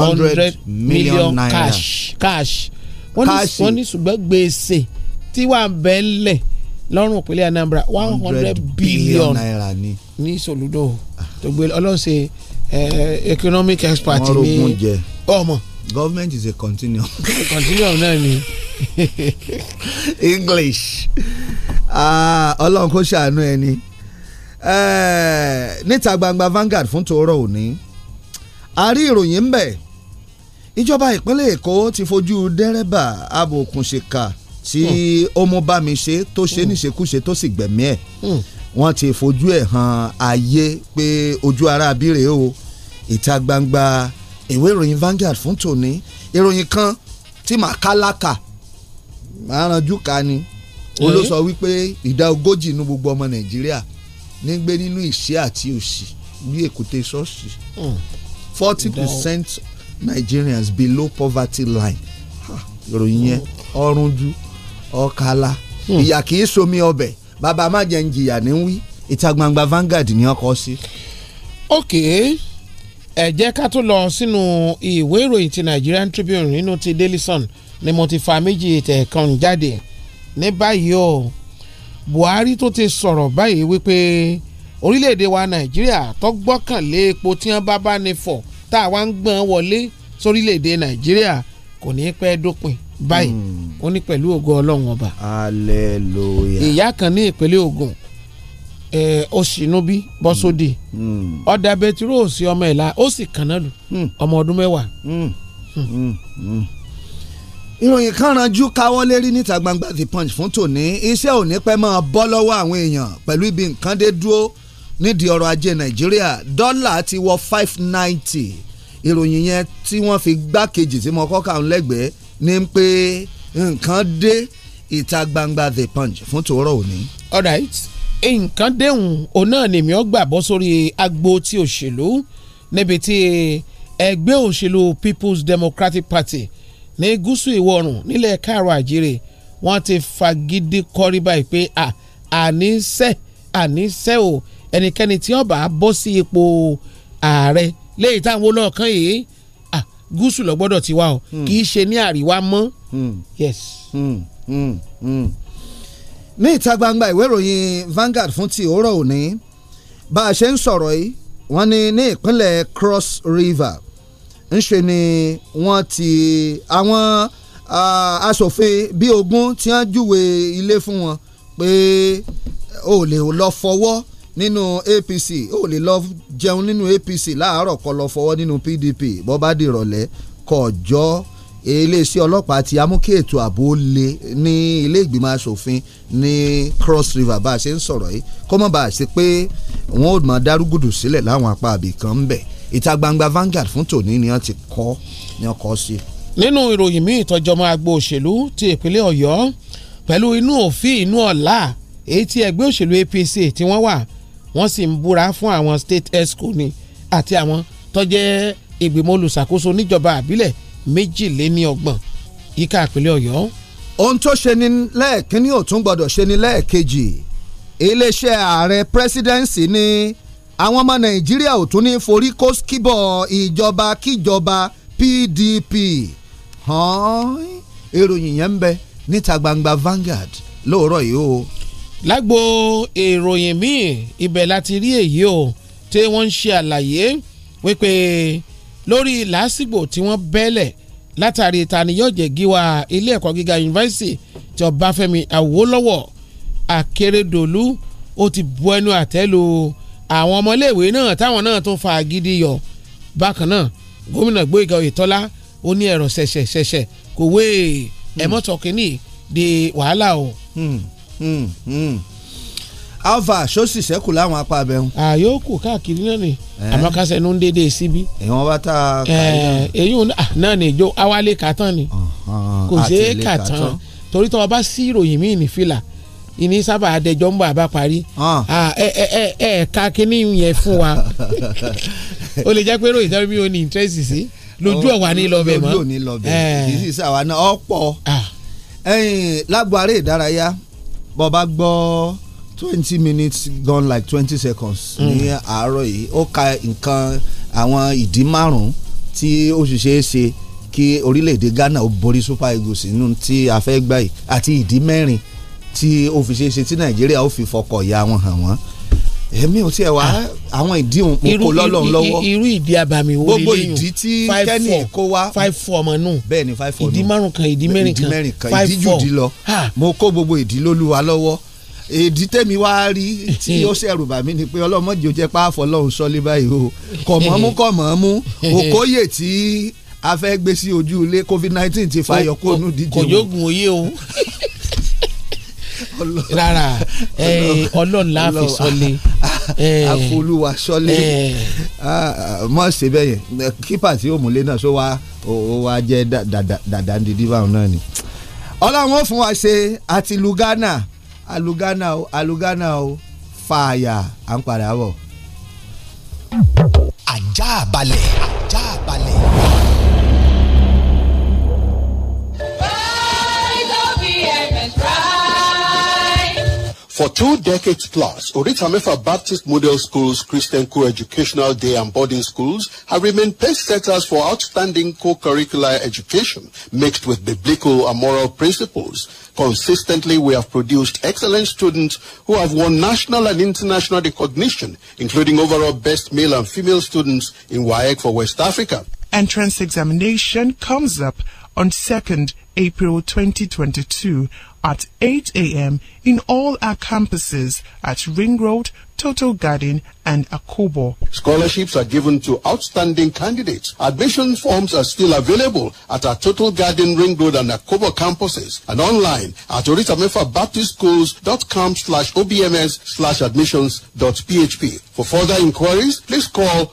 hundred million naira cash cash wọ́n ní ṣùgbọ́n gbèsè tí wàá bẹ́ẹ̀ lẹ̀ lọ́rùn ìpínlẹ̀ Anambra one hundred billion naira ni ní Soludo tó gbé ọlọ́sẹ̀ economic expert ní ọmọ. government is a continuum. continuum náà ni. English ah, Ọlọ́run kò ṣàánú ẹni níta gbangba Vanguard fún tòórọ́ òní a rí ìròyìn ń bẹ̀ ìjọba ìpínlẹ̀ èkó ti fojú dẹ́rẹ́bà abòkùnṣìkà tí ọmọbámiṣe hmm. tó ṣe hmm. níṣekúṣe tó sì gbẹ̀mí ẹ̀ hmm. wọ́n ti fojú ẹ̀ hàn ayé pé ojú ara abíre o ìta gbangba ìwé ìròyìn Vanguard fún tòní ìròyìn kan tí màá kálákà màá ranjú ka ni olóṣọ eh? wípé ìdá ogójì inú gbogbo ọmọ nàìjíríà ní nínú ìṣẹ́ àti òṣì bí èkúté ṣọ́ọ̀ṣì forty percent Nigerians below poverty line ìròyìn yẹn ọrùnjú ọkàlà hmm. ìyà kì í somi ọbẹ̀ bàbá má jẹ́ ń jìyà ní wí ìta gbangba Vanguard ni ọkọ sí. ok ẹ jẹ́ ká tó lọ sínú ìwé ìròyìn ti Nigerian Tribune nínú ti Daily Sun ni mo ti fa méjì tẹ̀ kan jáde ní báyìí o Buhari tó ti sọ̀rọ̀ báyìí wípé orílẹ̀-èdè wa Nàìjíríà tó gbọ́kànlé epo tí wọ́n bá bá ní fọ̀ tá a wá ń gbọ́n wọlé sórílẹ̀‐èdè nàìjíríà kò ní pẹ́ dópin báyìí hmm. ó ní pẹ̀lú ògo ọlọ́run ọba. ìyá kan ní ìpínlẹ̀ Ògùn Òṣìnúbí bọ́sódì hmm. hmm. ọ̀dà bẹtiró òsì ọmọ ẹ̀ ó sì kànáà lù ọmọ ọdún mẹ́wàá ìròyìn kan ranjú káwọ́ lérí níta gbangba the punch fún tòní iṣẹ́ òní pẹ́ máa bọ́ lọ́wọ́ àwọn èèyàn pẹ̀lú ibi nǹkan dé dúró nídìí ọrọ̀ ajé nàìjíríà dọ́là ti wọ five ninety ìròyìn yẹn tí wọ́n fi gbákejì tí mo kọ́ka ń lẹ́gbẹ̀ẹ́ ní pé nǹkan dé ìta gbangba the punch fún tòórọ́ òní. all right nǹkan déhùn òun náà nìmí ó gbà bọ́ sórí agbo ti òṣèlú níbi tí ẹgbẹ́ òṣèlú people's democratic party ní gúúsù ìwọ̀ oòrùn nílẹ̀ káàrọ̀ àjíire wọ́n ti fagídí kọ́rí báyìí pé à àníṣẹ́ o ẹnikẹ́ni tí ó bá bọ́ sí ipò ààrẹ léyìí táwọn olóòkan yìí gúúsù lọ gbọ́dọ̀ ti wá o hmm. kì í ṣe ní àríwá mọ́ hmm. yes. Hmm. ní ìta gbangba ìwé ìròyìn Vanguard fún ti òórọ̀ òní bá a ṣe ń sọ̀rọ̀ yìí wọ́n ní ní ìpínlẹ̀ Cross River ńṣe ni wọ́n ti àwọn aṣòfin bíi ogún tí wọ́n júwe ilé fún wọn pé o lè lọ fọwọ́ nínú APC ó lè lọ jẹun nínú APC láàárọ̀ kó lọ fọwọ́ nínú PDP bó bá dìrọ̀lẹ́ kọjọ́ iléeṣẹ́ ọlọ́pàá ti amú kí ètò ààbò le ní ilé ìgbìmọ̀ asòfin ní Cross River bá a ṣe ń sọ̀rọ̀ yìí kó mọ̀ bá a ṣe pé wọn ò mọ̀ dárúgùdù sílẹ̀ láwọn apá àbí kan ń bẹ̀ ìta gbangba Vanguard fún tòní ni wọ́n ti kọ́ ni wọ́n kọ́ sí. nínú ìròyìn míì tọjọmọ agbo òṣèlú ti ìpínlẹ̀ Ọ̀yọ́ pẹ̀lú inú òfin inú ọ̀la èyí tí ẹgbẹ́ òṣèlú APC tí wọ́n wà wọ́n sì ń búra fún àwọn state esco ni àti àwọn tó jẹ́ ìgbìmọ̀ olùṣàkóso níjọba àbílẹ̀ méjìléníọgbọ̀n yíká ìpínlẹ̀ ọ̀yọ́. ohun tó ṣe ni lẹ́ẹ̀kínní ò tún gbọ́dọ̀ ṣe ni lẹ́ẹ̀kejì iléeṣẹ́ ààrẹ presidency ni àwọn ọmọ nàìjíríà ò tún ní forí kó kíbọ̀ ìjọba kíjọba pdp ìròyìn yẹn ń bẹ níta gbangba Vanguard lóòrọ̀ yìí o lágbo ìròyìn míì ibẹ̀ láti rí èyí o tí wọ́n ń ṣe àlàyé wípé lórí làásìgbò tí wọ́n bẹ́lẹ̀ látàrí ìtaniyọ̀jẹ̀ gíwá ilé ẹ̀kọ́ gíga yunifásitì tí Ọbáfẹ́mi Awólọ́wọ̀ Akérédolú ó ti bu ẹnu àtẹ́ lu àwọn ọmọléèwé náà táwọn náà tó fa agídí yọ bákan náà gómìnà Gbóyèga Oyètọ́lá ó ní ẹ̀rọ ṣẹ̀ṣẹ̀ ṣẹ̀ṣẹ̀ kò wé ẹ̀mọ́tọ̀kínní hmm. di wàhálà o. Hmm. Hmm, hmm. alpha sosi sẹ́kù láwọn apá abẹ́hùn. àyòkù káàkiri náà ni àmọ́kásẹ́ ló ń dédé síbí. èèyàn bá ta kàlẹ́. èyún náà ni ìjọ awálé kàtán ni kò ṣeé kàtán torí tó o bá sí ìròyìn míì ní fìlà ìní sábà àdẹjọ́ ń bọ̀ àbá parí ẹ ẹ ẹ ká kínní yẹn fún wa o lè jẹ́ pé ròyìn tẹ́lẹ̀ mi ò ní interest sí lójú ọ̀wà ní lọ́bẹ̀ mọ́ lójú ò ní lọ́bẹ̀ kì í sì sáwà náà ọ̀pọ̀ lágbo aré ìdárayá bọ́ bá gbọ́ twenty minutes gone like twenty seconds mm. ní àárọ̀ yìí ó ka nǹkan àwọn ìdí márùn-ún tí ó sì ṣeé ṣe kí orílẹ̀-èdè Ghana ó borí Super Eagles nínú tí a fẹ́ gbà yìí àti ìdí mẹ́rin tí ó fi ṣeé ṣe tí Nàìjíríà ó fi fọkọ̀ ya wọn hàn wọ́n èmi ò tiẹ̀ wá ah. àwọn ìdí òun kò lọ́lọ́run lọ́wọ́ irú ìdí abàmì wo lè léyìn gbogbo ìdí tí kẹ́ni kó wá five four ọmọ nù bẹ́ẹ̀ ni five four nù ìdí márùn kan ìdí mẹ́rin kan five four ìdí jù dí lọ mo kó gbogbo ìdí lólúwa lọ́wọ́ èdí tèmi wá rí tí ó ṣẹ̀rù bà mí ni pé ọlọ́mọdé ò jẹ́ pààfọ́ lọ́hùn sọ́lé báyìí o kọ̀mọ́mú kọ̀mọ́mú òkóyè tí a fẹ́ gbé sí ojú ilé covid nineteen ti fàyọ kó nù díje o kò jogun o rárá ọlọ́run fi sọ́lé àfolúwa eh. sọ́lé eh. ah, ah, mọ̀ ṣe bẹ́ẹ̀ yẹn kípà tí òmùlé náà sọ wá ó wá jẹ́ dàdàndínlí báwọn náà ni. ọlọ́run ó fún wa ṣe àti lu Ghana alu Ghana o alu Ghana o fààyà à ń padà bọ̀. ajá balẹ̀ ajá balẹ̀. For two decades plus, Oritamefa Baptist Model Schools, Christian Co-Educational Day and Boarding Schools have remained pace setters for outstanding co-curricular education mixed with biblical and moral principles. Consistently, we have produced excellent students who have won national and international recognition, including overall best male and female students in WAEC for West Africa. Entrance examination comes up on 2nd April 2022 at 8 a.m. in all our campuses at Ring Road, Total Garden, and Akobo. Scholarships are given to outstanding candidates. Admission forms are still available at our Total Garden, Ring Road, and Akobo campuses and online at oritamefabaptistschools.com slash obms slash admissions.php. For further inquiries, please call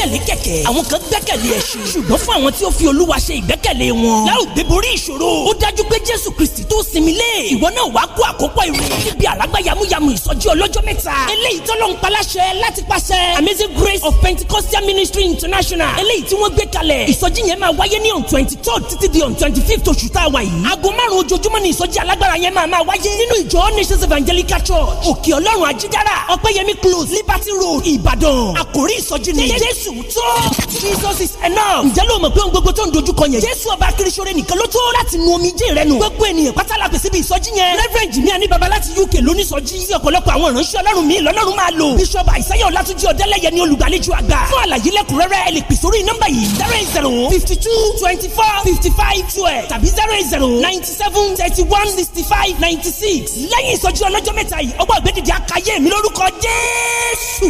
kẹ̀kẹ́ àwọn kan gbẹ́kẹ̀lé ẹṣin ṣùgbọ́n fún àwọn tí ó fi olúwa ṣe ìgbẹ́kẹ̀lé wọn láò gbé borí ìṣòro ó dájú pé jésù kristi tó sinmi lé ìwọ náà wàá kó àkópọ̀ ìrù níbi àlágbá yamuyamu ìsọjí ọlọ́jọ́ mẹ́ta eléyìí tọ́lọ́ ń paláṣẹ láti pàṣẹ amazing grace of pentecostal ministry international eléyìí tí wọ́n gbé kalẹ̀ ìsọjí yẹn máa wáyé ní on twenty third títí di on twenty fifth oṣù tá a wà yìí aago márùn-ún ojoojúmọ́ ni ìsọjí alágbára yẹn máa máa wáyé nínú ìjọ nations evangelical church òkè ọlọ́run àjíjára ọpẹ́yẹmí close liberty road ìbàdàn àkórí ìsọjí ni jésù tó. Jesus is enough. ǹjẹ́ ló mọ̀ pé ohun gbogbo tó ń dojú kọ yẹn. Jésù ọba Kirisore nìkan ló tó láti nu omijé rẹ nù. gbogbo ènìyàn pátá la pèsè bí ìsọjí yẹn. Reverend Jimmy Ani Baba láti UK lónísọjí. sí ọ̀pọ̀lọpọ̀ àwọn ìránṣẹ́ Ọlọ́run mi lọ́lọ́run máa lò. Bishop Àìsáyà Ọlátúnjí Ọ̀dẹ́lẹ̀yẹ ni olùgbàlejò àgbà. fún àlàyé lẹ́kùnrẹ́rẹ́ ẹ lè pè sórí nọ́mbà yìí zero eight zero fifty two twenty four fifty five twelve tàbí zero eight zero ninety seven thirty one sixty five ninety six. lẹ́yìn ìsọjí ọlọ́jọ́ mẹ́ta yìí ọgbọ́n ìgbẹ́dìde àkàyé mi lórúkọ Jésù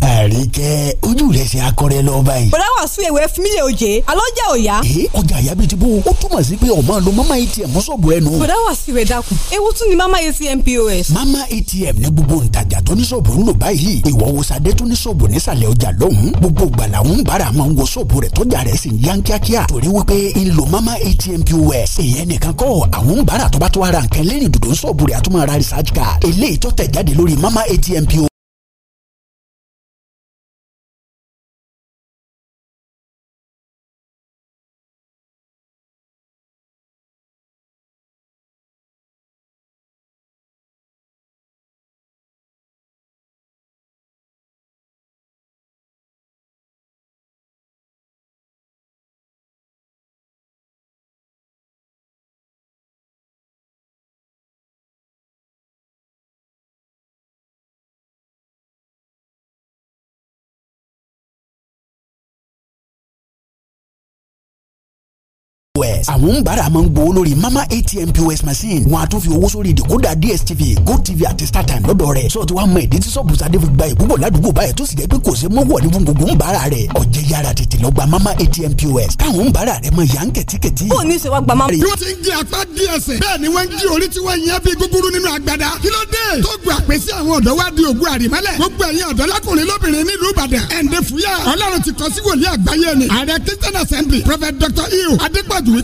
àríkẹ́ ojú rẹ̀ ṣe akọrẹ lọ báyìí. bọ̀dá wà sún ewé fún mi lè oje alọ́ jẹ́ òya. ee ọjà àyà bíi ti bó o túmọ̀ sí pé ọmọ lo mama atm mọ́sọ̀bù ẹnu. bọ̀dá wà sí ìwé dákun ewu tún ni mama atm pos. mama atm ní gbogbo ntajà tó ní sọ̀bù ń lò báyìí ìwọ wo sadé tó ní sọ̀bù nísàlẹ̀ ọjà lọ́hùn gbogbo gbala ń bára máa ń wo sọ̀bù rẹ̀ tọ́jà rẹ̀ sì ń yan kíákíá mama atm pos èèyàn nìkan kọ́ àwọn ń bára tó bá tó ara nǹkan lẹ́yìn dòdò sọ̀bù rẹ̀ àtúmọ̀ ara research card mama atm pos POS àwọn oníbàárà máa ń gbowó lórí mama ATM POS machine wọn a tún fi owó sórí ìdìkúdà DSTV GoTV àti StarTime lọ́dọ̀ rẹ̀ sọ ti wá mọ ìdí tí sọ́ọ̀bù sadé gba ìbúbọ̀ ládùúgbò báyìí tó sì jẹ́ pé kò sí mọ́wọ́ ní gbogbo ń bára rẹ̀ ọ̀jẹ̀ yára tètè lọ mama ATM POS káwọn ń bára rẹ̀ mọ ìyá ń kẹ̀tíkẹ̀tí. ó ní sèwá gba mama. ló ti ń gé apá díẹ̀ sẹ̀ ni wọ́n ń jí orí tí wọ́n yẹn bí gúgúrú nínú àgbàdá kí ló dé tó gbà pé sí àwọn ọ̀dọ́ wá di ògùn àrìmọ́lẹ̀ gbogbo ẹ̀yin ọ̀dọ́ lákùnrin lóbìnrin nílùú Ìbàdàn ẹ̀ǹdẹ̀ fúyà Ọlọ́run ti kọ sí wòlíì àgbáyé ni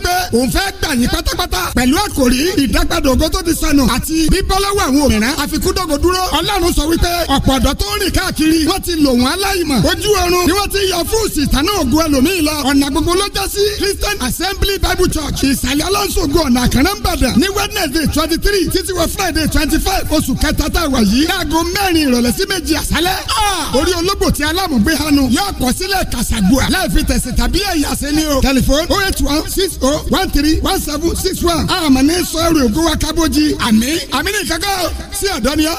wípé òun fẹ́ gbà yín pátápátá pẹ̀lú àkòrí ìdágbàdo ògo tó ti sànù àti bíbọ́lọ́wọ́ àwọn òmìnira àfikúndógo dúró ọlọ́run sọ wípé ọ̀pọ̀ ọ̀dọ́ tó ń rìn káàkiri wọ́n ti lò wọ́n aláìmọ̀ ojú oorun ni wọ́n ti yọ fún ìsìtánà ògo ẹlòmíì lọ ọ̀nà gbogbo ló já sí Christian Assembly Bible Church ìsàlẹ̀ ọlọ́sọ̀gbọ̀ ọ̀nà àkànná ń bàdàn ní Wednesday twenty three títí wọ Friday twenty five oṣù kẹta tá a wà yìí láago mẹ́rin ìrọ̀lẹ́ sí méjì àṣálẹ́ orí ológbò tí alámùgbé hanu yóò kọ sílẹ̀ kàṣàgbọ́à láì fi tẹ̀sí tàbí one three one seven six one àmọ́ ní sọ́ọ̀rù ògùn wa kábòjì àmì àmì ní kankan sí ọ̀dọ́ ni ọ́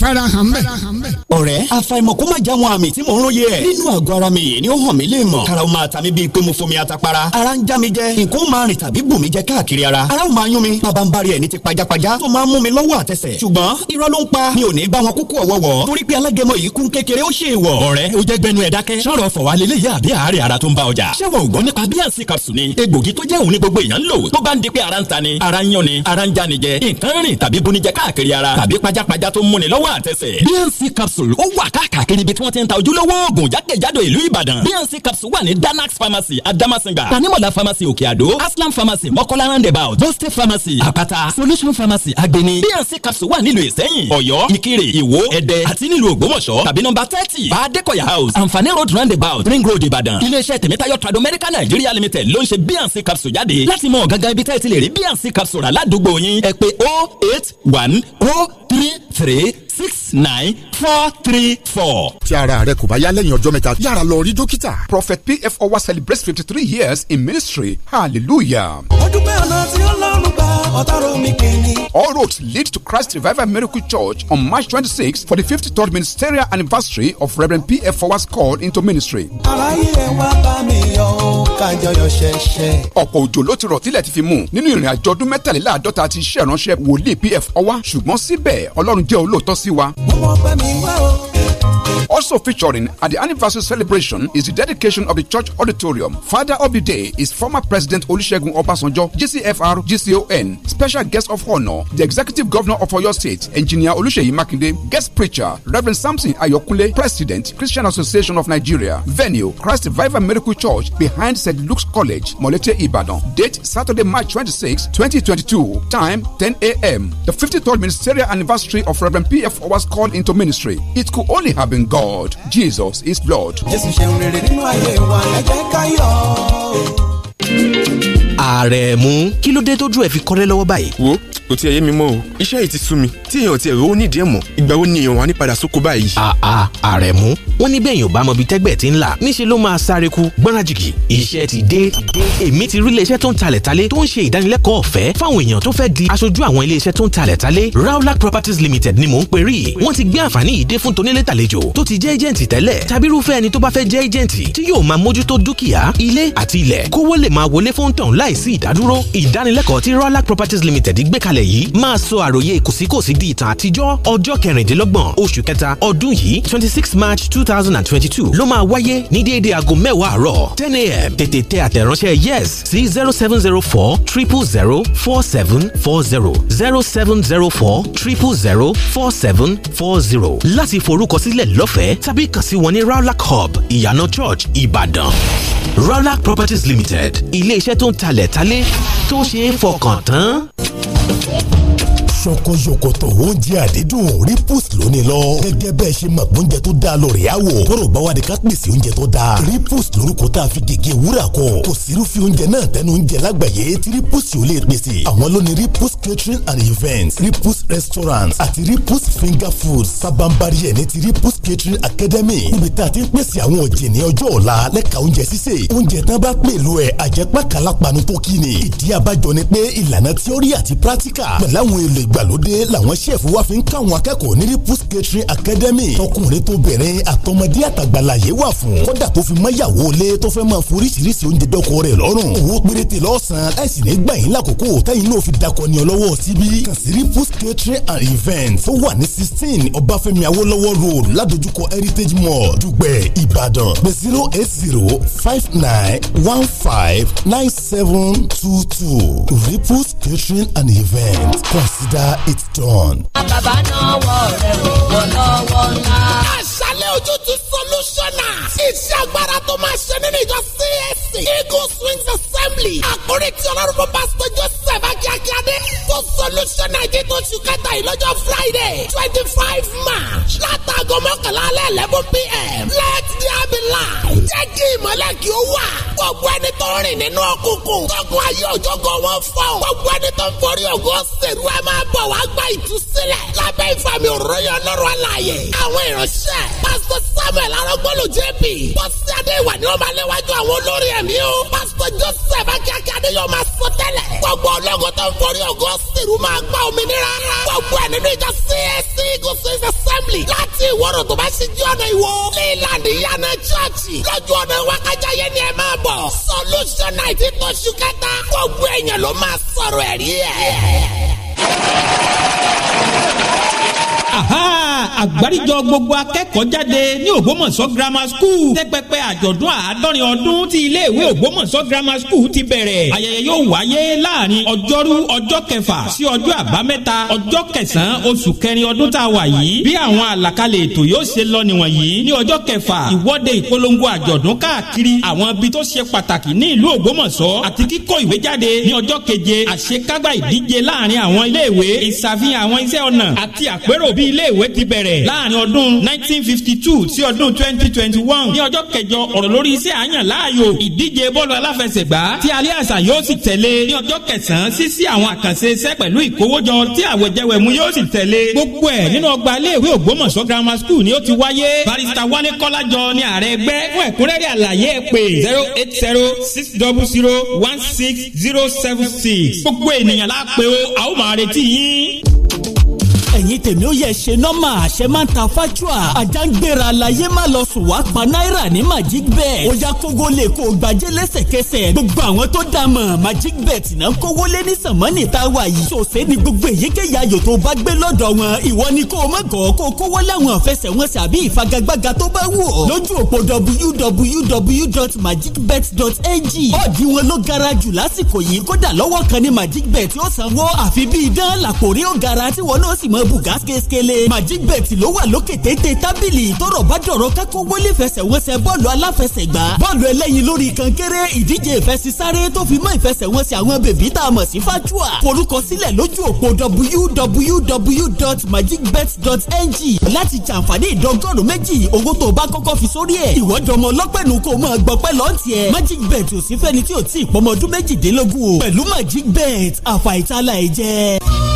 fara hàn bẹ́ẹ̀. ọ̀rẹ́ àfàìmọ̀ kó má já wọn àmì tí mò ń róye ẹ̀. nínú àgọ́ ara mi yìí ni ó hàn mí lè mọ̀. karaw máa ta mi bíi pé mo fomi atapara. ara ń já mi jẹ nǹkan máa rìn tàbí bù mí jẹ káàkiri ara. ara ò máa yún mi. bàbá ń bari ẹ̀ ní ti pajápajá. tó máa ń mú mi lọ́wọ́ àtẹsẹ̀. ṣùgbọ́n irọ́ ló ń pa. mi ò ní bá wọn kúkú ọ̀wọ́wọ́. torí pé alágẹmọ yìí kún kékeré ó ṣe ìwọ̀. ọ̀rẹ́ o jẹ́ gbẹnu ẹ̀ sọ̀rọ̀ fọ̀wálélẹ́yà ni gbogbo èèyàn lò tó bá ń di pé ara ń ta ni ara ń yán ni ara ń já ni jẹ nǹkan rìn tàbí bunijẹ káàkiri ara tàbí pajápajá tó ń múni lọ́wọ́ àtẹsẹ̀. bnc capsule ó wà káàkiri ibi tí wọ́n ti ń ta ojúlówó oògùn jákèjádò ìlú ìbàdàn bnc capsule wà ní danax pharmacy adamasinga tanimola pharmacy òkè àdó aslam pharmacy mọ́kọ́lá roundabout boste pharmacy àpáta solution pharmacy agbeni bnc capsule wà nílùú ìsẹ́yìn ọ̀yọ́ ìkirè ìwó ẹdẹ àti nílùú ògbómọ̀ṣọ́ tàbí nọ́mbà thirty bá adékọ̀yà house àǹfààní road roundabout ring road ìbàdàn iléeṣẹ́ tèmítáyọ̀ tradomedical nigeria limited ló ń ṣe bnc capsule jáde jáde láti mọ gangan ibi tẹ́ẹ̀ ti lè rí bnc capsule aládùúgbò yín ẹ pè oh eight one o oh three three six nine four three four. tí ara rẹ kò bá yá lẹ́yìn ọjọ́ mẹ́ta yára lọ rí dókítà. prophet pf ọwa celebrates fifty three years in ministry hallelujah. ọdún mẹ́rin náà tí ọlọ́run gbà ọ̀tàrọ̀ mi pè ní. All roads lead to Christ Revival Miracle Church on March 26 for the 53rd ministerial anniversary of Reverend P.F. Forward's call into ministry kájọyọ̀ ṣẹ̀ṣẹ̀. ọ̀pọ̀ òjò ló ti rọ̀ tílẹ̀ ti fi mú nínú ìrìn àjò ọdún mẹ́tàléláàádọ́ta ti iṣẹ́ ìránṣẹ́ wòlíì pf ọwá ṣùgbọ́n síbẹ̀ ọlọ́run jẹ́ olóòótọ́ sí wa. ọmọ bá mi wá o Also featuring at the anniversary celebration is the dedication of the church auditorium. Father of the day is former President Olusegun Obasanjo, GCFR, GCON. Special guest of honor, the executive governor of Oyo State, Engineer Oluseyi Makinde. Guest preacher, Reverend Samson Ayokunle, President, Christian Association of Nigeria. Venue, Christ Revival Miracle Church behind St. Luke's College, Molete, Ibadan. Date, Saturday, March 26, 2022. Time, 10 a.m. The 53rd ministerial anniversary of Reverend P.F. was called into ministry. It could only have been God. Jesus is blood. Àrẹ̀mú kí ló dé tójú ẹ̀ fi kọ́rẹ́ lọ́wọ́ báyìí. wo kò tiẹ̀ yé mi mọ́ o iṣẹ́ yìí ti sú mi tí èèyàn tiẹ̀ rówó nídìí ẹ̀ mọ́ ìgbà wo ni èèyàn wà ní padà sóko báyìí. àà Àrẹ̀mú wọn ní bẹ́ẹ̀ yóò bá mọbi tẹ́gbẹ́ ti ń là níṣẹ́ ló máa sáré ku gbọ́nrajìkì iṣẹ́ ti dé èmi ti rí iléeṣẹ́ tó ń talẹ̀ talé tó ń ṣe ìdánilẹ́kọ̀ọ́ ọ̀fẹ́ fáwọn èèyàn tó fẹ́ di aṣojú àwọn iléeṣẹ́ tó ń talẹ̀ talé Raulac Properties Limited ni mò ń perí wọ́n ti gbé àǹfààní yìí dé fún tonílé tàlejò tó ti jẹ́ ẹjẹ̀ǹtì tẹ́lẹ̀ tàbí irúfẹ́ ẹni tó bá fẹ́ jẹ́ ẹjẹ̀ǹtì tí yóò máa mójútó láìsí ìdádúró ìdánilẹ́kọ̀ọ́ tí Rawlac Properties Limited gbé kalẹ̀ yìí máa sọ àròyé kòsíkòsí di ìtàn àtijọ́ ọjọ́ kẹrìndínlọ́gbọ̀n oṣù kẹta ọdún yìí twenty six march two thousand and twenty two ló máa wáyé ní déédéé aago mẹ́wàá àárọ̀ ten a.m. tètè tẹ àtẹ̀ránṣẹ́ yes sí zero seven zero four triple zero four seven four zero zero seven zero four triple zero four seven four zero láti forúkọsílẹ̀ lọ́fẹ̀ẹ́ tàbí kàn sí wọn ní Rawlac hub ìyànà church Ìbàdàn Rawlac Properties Limited ilé iṣẹ́ tó ń talẹ̀ Let's alé touche fokant. ṣokoṣokoto oúnjẹ àdídùn Ripus lónìí lọ gẹ́gẹ́ bẹ́ẹ̀ ṣe mọ̀ pé oúnjẹ tó dáa lọ rèé àwò tọrọ bá wà ní ká pèsè oúnjẹ tó dáa Ripus lórúkọ tá a fi gègé wúrà kọ kò sírúfẹ́ oúnjẹ náà tẹnu oúnjẹ lágbàáyé tí Ripus yóò lè pèsè àwọn ló ní Ripus catering and events Ripus restaurants àti Ripus finger foods. sábàmbarí ẹ̀ ní ti Ripus catering academy níbi tá a ti ń pèsè àwọn ọ̀jẹ̀ ní ọjọ́ ọ̀la lẹ́ka oúnjẹ sísè oúnjẹ tán bá pèlú ẹ̀ àjẹpákàlápanu tó kí ni ìdí abájọ ni ìgbàlódé làwọn chef wa fi ń káwọn akẹ́kọ̀ọ́ ní Ripples Catering Academy tọkùnrin tó bẹ̀rẹ̀ àtọmọdé àtàgbàláyé wà fún kódà tó fi máyàwó lé tó fẹ́ máa foríṣiríṣi oúnjẹ dọ́kọ rẹ̀ lọ́rùn owó péréte lọ́sàn-án láìsí ní gbà yín lákòókò táyìn náà fi dakọ ní ọlọ́wọ́ síbí kàn sí Ripples Catering and Events tó wà ní sixteen Ọbáfẹ́mi Awólọ́wọ̀ road ládojúkọ Heritage Mall Dùgbẹ̀ Ìbàdàn pé zero eight zero five nine one five nine seven two two Ripple Catering and Events consider it's done. Àbàbà náà wọ̀ rẹ̀ wọ̀ lọ́wọ́ ńlá. Àṣàlẹ̀ ojútùú solutiona. Iṣẹ́ agbára tó máa ṣe nínú ìjọ CAC. E. Eagle Swings assembly àkórí tí ọlọ́run fún pásítọ̀ joseph akíakíadé tó solution àìdí tó ṣù kẹta yìí lọ́jọ́ friday twenty five march látàgọ́ mọ́kànlá alẹ́ eleven pm let there be light jẹ́ kí ìmọ̀lẹ̀ kí ó wà gbogbo ẹni tó rìn nínú òkùnkùn gbogbo ayé òjòkó wọn fọ́ gbogbo ẹni tó ń forí ògo ṣèlú ẹ máa bọ̀ wá gba ìtúsílẹ̀ lábẹ́ ìfàmì òróyè ọlọ́run àlàyé àwọn ìránṣẹ́ pásítọ̀ samuel arágbọ́lù jp bọ́sí adé ìwà ni wọ́n máa léwájú àwọn olórí ẹ̀mí o pásítọ̀ joseph tẹ̀ bá kíákíá ni yóò máa sọ tẹ́lẹ̀. gbogbo ológun tó ń forí ogun sírù máa gba òmìnira. gbogbo ẹ̀ nínú ìjọ CAC e gospel assembly láti ìwọ́rọ̀ tó bá ṣe jẹ́ ọ̀nà ìwọ. leland yana church lójú ọ̀nà wákàjà yẹn ni ẹ máa bọ̀. solution night tó ṣu kẹta. gbogbo èèyàn ló máa sọ̀rọ̀ ẹ̀rí ẹ̀ àgbáríjọ gbogbo akẹ́kọ̀ọ́ jáde ní ògbómọ̀ṣọ́ grammar school tẹ́pẹ́pẹ́ àjọ̀dún àádọ́rin ọdún ti iléèwé ògbómọ̀ṣọ́ grammar school ti bẹ̀rẹ̀ ayẹyẹ yóò wáyé láàrin ọjọ́rú ọjọ́ kẹfà sí ọjọ́ àbámẹ́ta ọjọ́ kẹsàn-án oṣù kẹrin ọdún tá a wà yìí bí àwọn àlàkalẹ̀ ètò yóò ṣe lọ nìwọ̀nyí ní ọjọ́ kẹfà ìwọ́de ìpolongo àjọ̀dún káàkiri àwọn ibi tó ṣe pàtàkì ní ìlú ògbómọ̀ṣọ́ àti kíkó ìwé jáde ní ọjọ́ keje àṣekágbá ìdíje ní ilé ìwé ti bẹ̀rẹ̀ láàrin ọdún nineteen sí ọdún twenty ní ọjọ́ kẹjọ ọ̀rọ̀ lórí iṣẹ́ àyàn láàyò ìdíje bọ́ọ̀lù aláfẹsẹ̀gbá tí alẹ́ àṣà yóò sì tẹ̀lé ní ọjọ́ kẹsàn-án sísí àwọn àkànṣe iṣẹ́ pẹ̀lú ìkówójọ tí àwẹ̀jẹwẹ̀mú yóò sì tẹ̀lé gbogbo ẹ̀ nínú ọgbà iléèwé ògbómọ̀ṣọ́ grammar school ni ó ti wáyé barista wálé kọ́lájọ ni ààrẹ ẹgbẹ́ fún ẹ̀kúnrẹ́rẹ́ gbogbo ènìyàn la o a ó máa retí yín ẹ̀yin tèmi ó yẹ ṣe nọ́mà àṣẹ máa ń ta fájúà àjàngbèrè àlàyé má lọ sùn wá pa náírà ní magic bet ó yá kógó lè kó gbajẹ́ lẹ́sẹ̀kẹsẹ̀ gbogbo àwọn tó dá mọ̀ magic bet náà kówó lé ní sànmọ́nì tá a wà yìí ṣòṣe ni gbogbo èyíkéyà ayò tó bá gbé lọ́dọ̀ wọn ìwọ ni kó o má gọ̀ kó o kówó láwọn ìfẹsẹ̀wọnsẹ̀ àbí ìfagagbága tó bá wù ọ́ lójú òpó www.magicbet.ng ọ̀dì wọn ló gara jù lásìkò yìí kódà lọ́wọ́ kan ní magic bet yóò sanwó àfi bíi dán làkòrí ó gara tí wọn náà sì mọ bùgá kéékèèlé magic bet ló wà lókè téńté tábìlì tọrọ bá dọ̀rọ̀ kákó wọlé fẹsẹ̀wọnsẹ̀ bọ́ọ̀lù aláfẹsẹ̀gbá bọ́ọ̀lù ẹlẹ́yin lórí kankéré ìdíje ìfẹsísáré tó fi mọ́ ìfẹsẹ̀wọnsẹ̀ àwọn bèbí tá a mọ̀ sí fájúà forúkọsílẹ̀ lójú òpó www.magicbet.ng láti jàǹfààní ìdọ́gọ́rùn méjì owó tó bá kọ́kọ́ fi sórí ẹ̀ ìwọ́dọ̀mọ lọ́pẹ̀nu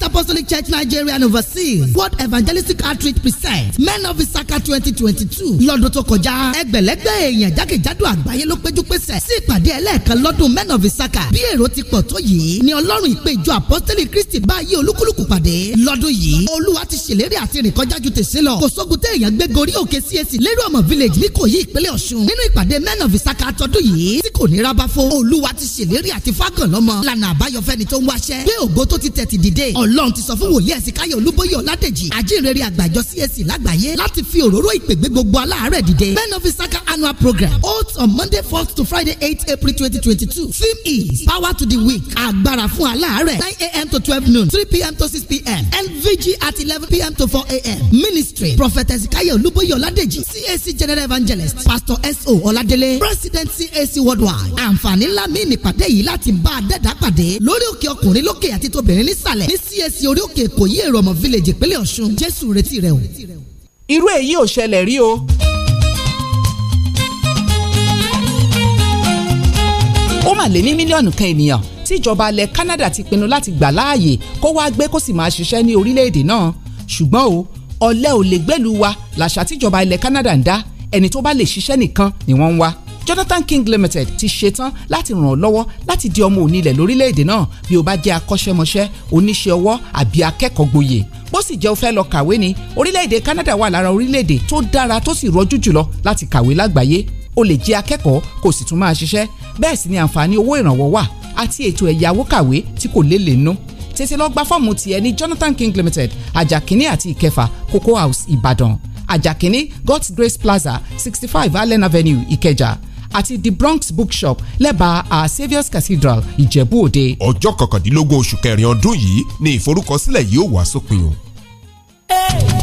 Christ Apostolic Church Nigeria and overseas World Evangelistic Outreach presents Men of Isaka twenty twenty two lọ́dún tó kọjá ẹgbẹ̀lẹ́gbẹ̀ èèyàn jákèjádò àgbáyé ló péjú pésẹ̀ sí ìpàdé ẹlẹ́ẹ̀kan lọ́dún Men of Isaka bí èrò ti pọ̀ tó yìí ni Ọlọ́run ìpè Apostolic Christi báyé olúkúlùkù pàdé lọ́dún yìí Olúwa ti ṣèlérí àti rìn kọjá ju tèsí lọ kò sógun tẹ èèyàn gbé gorí òkè CAC lérò ọmọ village ní kò yí ìpínlẹ̀ Ọ̀ṣun nínú ìpàdé Men of Isaka tọdún yìí tí kò ní rábáfó Olúwa ti ṣèlérí àti fágànlọ́mọ lànà àbáyọ fẹ́ni tó ń wáṣẹ́ gbé ògbó tó ti tẹ̀ ti dìde ọlọ́run ti sọ fún wòlíì ẹ̀sìn káyọ̀ olúbóyè ọ̀ládẹ́jì àjíǹrere àgbàjọ CAC lágbàáyé láti fi òróró ìpègbè gbogbo aláàárẹ̀ dìde men of isaka annual program holds on monday fourth to friday eight april twenty twenty two theme is power to the weak agbára fún aláàárẹ̀ nine a.m. to twelve noon three p.m. to six p.m. nvg at eleven p.m. to four a.m. ministry prophet ẹ̀sìn káyọ̀ olúbóyè ọ̀ládẹ́jì CAC general evangelist pastor S.O. ọ̀ládélé president CAC worldwide àǹfààní ńlá mi nípàdé yìí láti bá a dẹ́dàá pàdé lórí òkè ọkùnrin lókè àti tóbìnrin nísàlẹ̀ ní CAC CAC orí òkè èkó yí èròmọ̀ village ìpínlẹ̀ ọ̀ṣun jésù retí rẹ o. irú èyí ò ṣẹlẹ̀ rí o. ó mà lé ní mílíọ̀nù kan ènìyàn tí ìjọba ilẹ̀ Canada ti pinnu láti gbà láàyè kó wá gbé kó sì máa ṣiṣẹ́ ní orílẹ̀-èdè náà ṣùgbọ́n o ọ̀lẹ́ ò lè gbẹ́lu wa làṣà tíjọba ilẹ̀ Canada ń dá ẹni tó bá lè ṣiṣẹ́ nìkan ni wọ́n ń wá Jonathan King Limited ti ṣetán láti ràn ọ́ lọ́wọ́ láti di ọmọ onílẹ̀ lórílẹ̀‐èdè náà bí o bá jẹ́ akọ́ṣẹ́mọṣẹ́ oníṣẹ́ ọwọ́ àbí akẹ́kọ̀ọ́ gboyè bó sì jẹ́ o fẹ́ lọ kàwé ni orílẹ̀-èdè Canada wà lára orílẹ̀-èdè tó dára tó sì rọjú jùlọ láti kàwé lágbàáyé o lè jẹ́ akẹ́kọ̀ọ́ kò sì tún máa ṣiṣẹ́ bẹ́ẹ̀ sì ni àǹfààní owó ìrànwọ́ wà àti ètò ẹ̀yáwó kàwé tí kò lè nú tètè lọ gba fọ́ọ̀mù tiẹ̀ ní Jonathan King Limited ajakini àti ìkẹfà Cocoa House Ìbàdàn ajakini God's Grace Plaza sixty five Allen Avenue Ìkẹjà àti the Bronx bookshop lẹ́bàá our saviour's cathedral ìjẹ̀bú òde. ọjọ́ kọkàndínlógún oṣù kẹrin ọdún yìí ni ìforúkọsílẹ̀ yóò wá sópin o.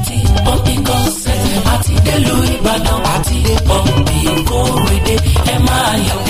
ti pọ́ǹpì kọ́sẹ̀ àti délùú Ìbàdàn àti pọ́ǹpì kórèdè ẹ máa yọ̀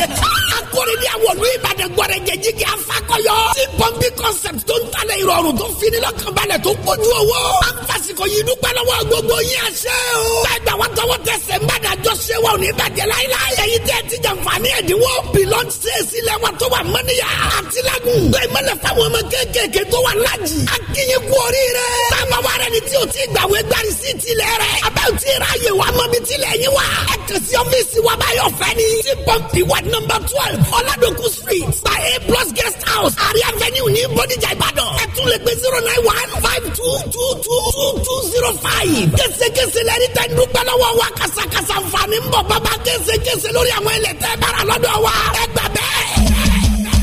ìwọ̀lú ìbàdàn gbọ̀rẹ̀jẹ̀ jíjẹ afakọyọ. tí pọ́ńpì concept tó ń talẹ̀ ìrọ̀rùn tó fini lọ́kànbalẹ̀ tó kojú owó. a ń fasikọ yìí dúpẹ́ lọ́wọ́ gbogbo yín àṣẹ o. gbàgbà wọn tọwọ́ tẹsẹ̀ ń bàdà jọ ṣe wa ò ní bàjẹ́ láíláí. èyí tẹ́ ti jàǹfààní ẹ̀dínwó pilọ́t ṣèṣì lẹ́wà tó wà mọ́níyà. àti lágùn. gbé mọ́lẹ̀ fáwọn ọmọ kéékèèké tó wà lájì. a kì í kú oríire. bàbá wa rẹ ni tí o ti gbàwé gbárí sí tilẹ̀ rẹ. abẹ́ ò ti ra yè wa mọ́bi tilẹ̀ yín wa. ẹ kàn sí ọ́fíìsì wa báyọ̀ fẹ́ ni. ti pọ́ǹpì wa nọ́mbà twelve ọ̀làdọ̀kù Abu street by A plus guest house àrí avenue ní Bódìjà Ìbàdàn. Ẹ tún lè zero nine one five two two two two two zero five. Késekése lẹ́ni tẹ́ ń dúpẹ́ lọ́wọ́ wa kàṣàkàṣà nfààní ń bọ̀ bàbá késekése lórí àwọn ilẹ̀ tẹ́ bára lọ́dọ̀ wa. Ẹ gbà bẹ́ẹ̀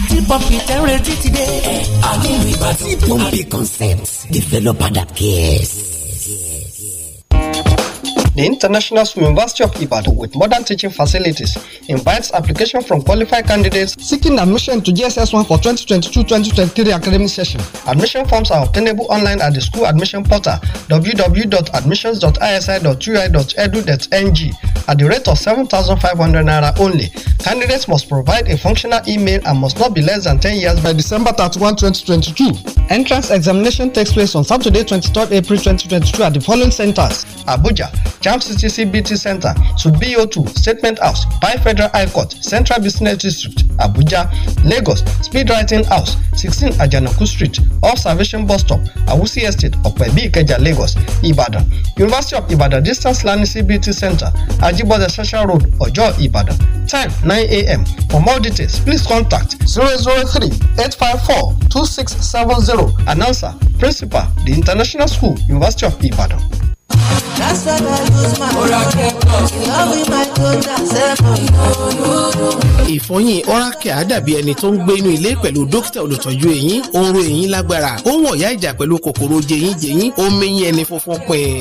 tí pọ́ǹpì tẹ́ ń retí ti dé. Àní ìbàdàn. Tí pọ́ǹpì concepts developer that cares. The International University of Ibadan with modern teaching facilities invites application from qualified candidates seeking admission to JSS1 for 2022-2023 academic session. Admission forms are obtainable online at the school admission portal www.admissions.isi.ui.edu.ng at the rate of 7,500 naira only. Candidates must provide a functional email and must not be less than 10 years by December 31, 2022. Entrance examination takes place on Saturday, 23rd April 2022 at the following centers: Abuja, Champ CTC BT Center to BO2 Statement House, Pine Federal High Court, Central Business District, Abuja, Lagos, Speed Writing House, 16 Ajanaku Street, Observation Bus Stop, Awusi Estate, Ọ̀pẹ̀bí Ìkẹjà, Lagos, Ibadan, University of Ibadan Distance Learning CBT Center, Ajibode Social Road, Ojo Ibadan. Time 9 a.m. For more details, please contact 003 854 2670. Announcer, Principal, The International School, University of Ibadan. That's why I lose my mind. You love me, my daughter, seven. Ìfọyín Oracle àdàbí ẹni tó ń gbé inú ilé pẹ̀lú dókítà olùtọ́jú eyín, ó ń ro eyín lágbára, ó ń wọ̀yá ìjà pẹ̀lú kòkòrò jẹyín jẹyín, ó ń mẹ́yìn ẹni funfun pẹ̀.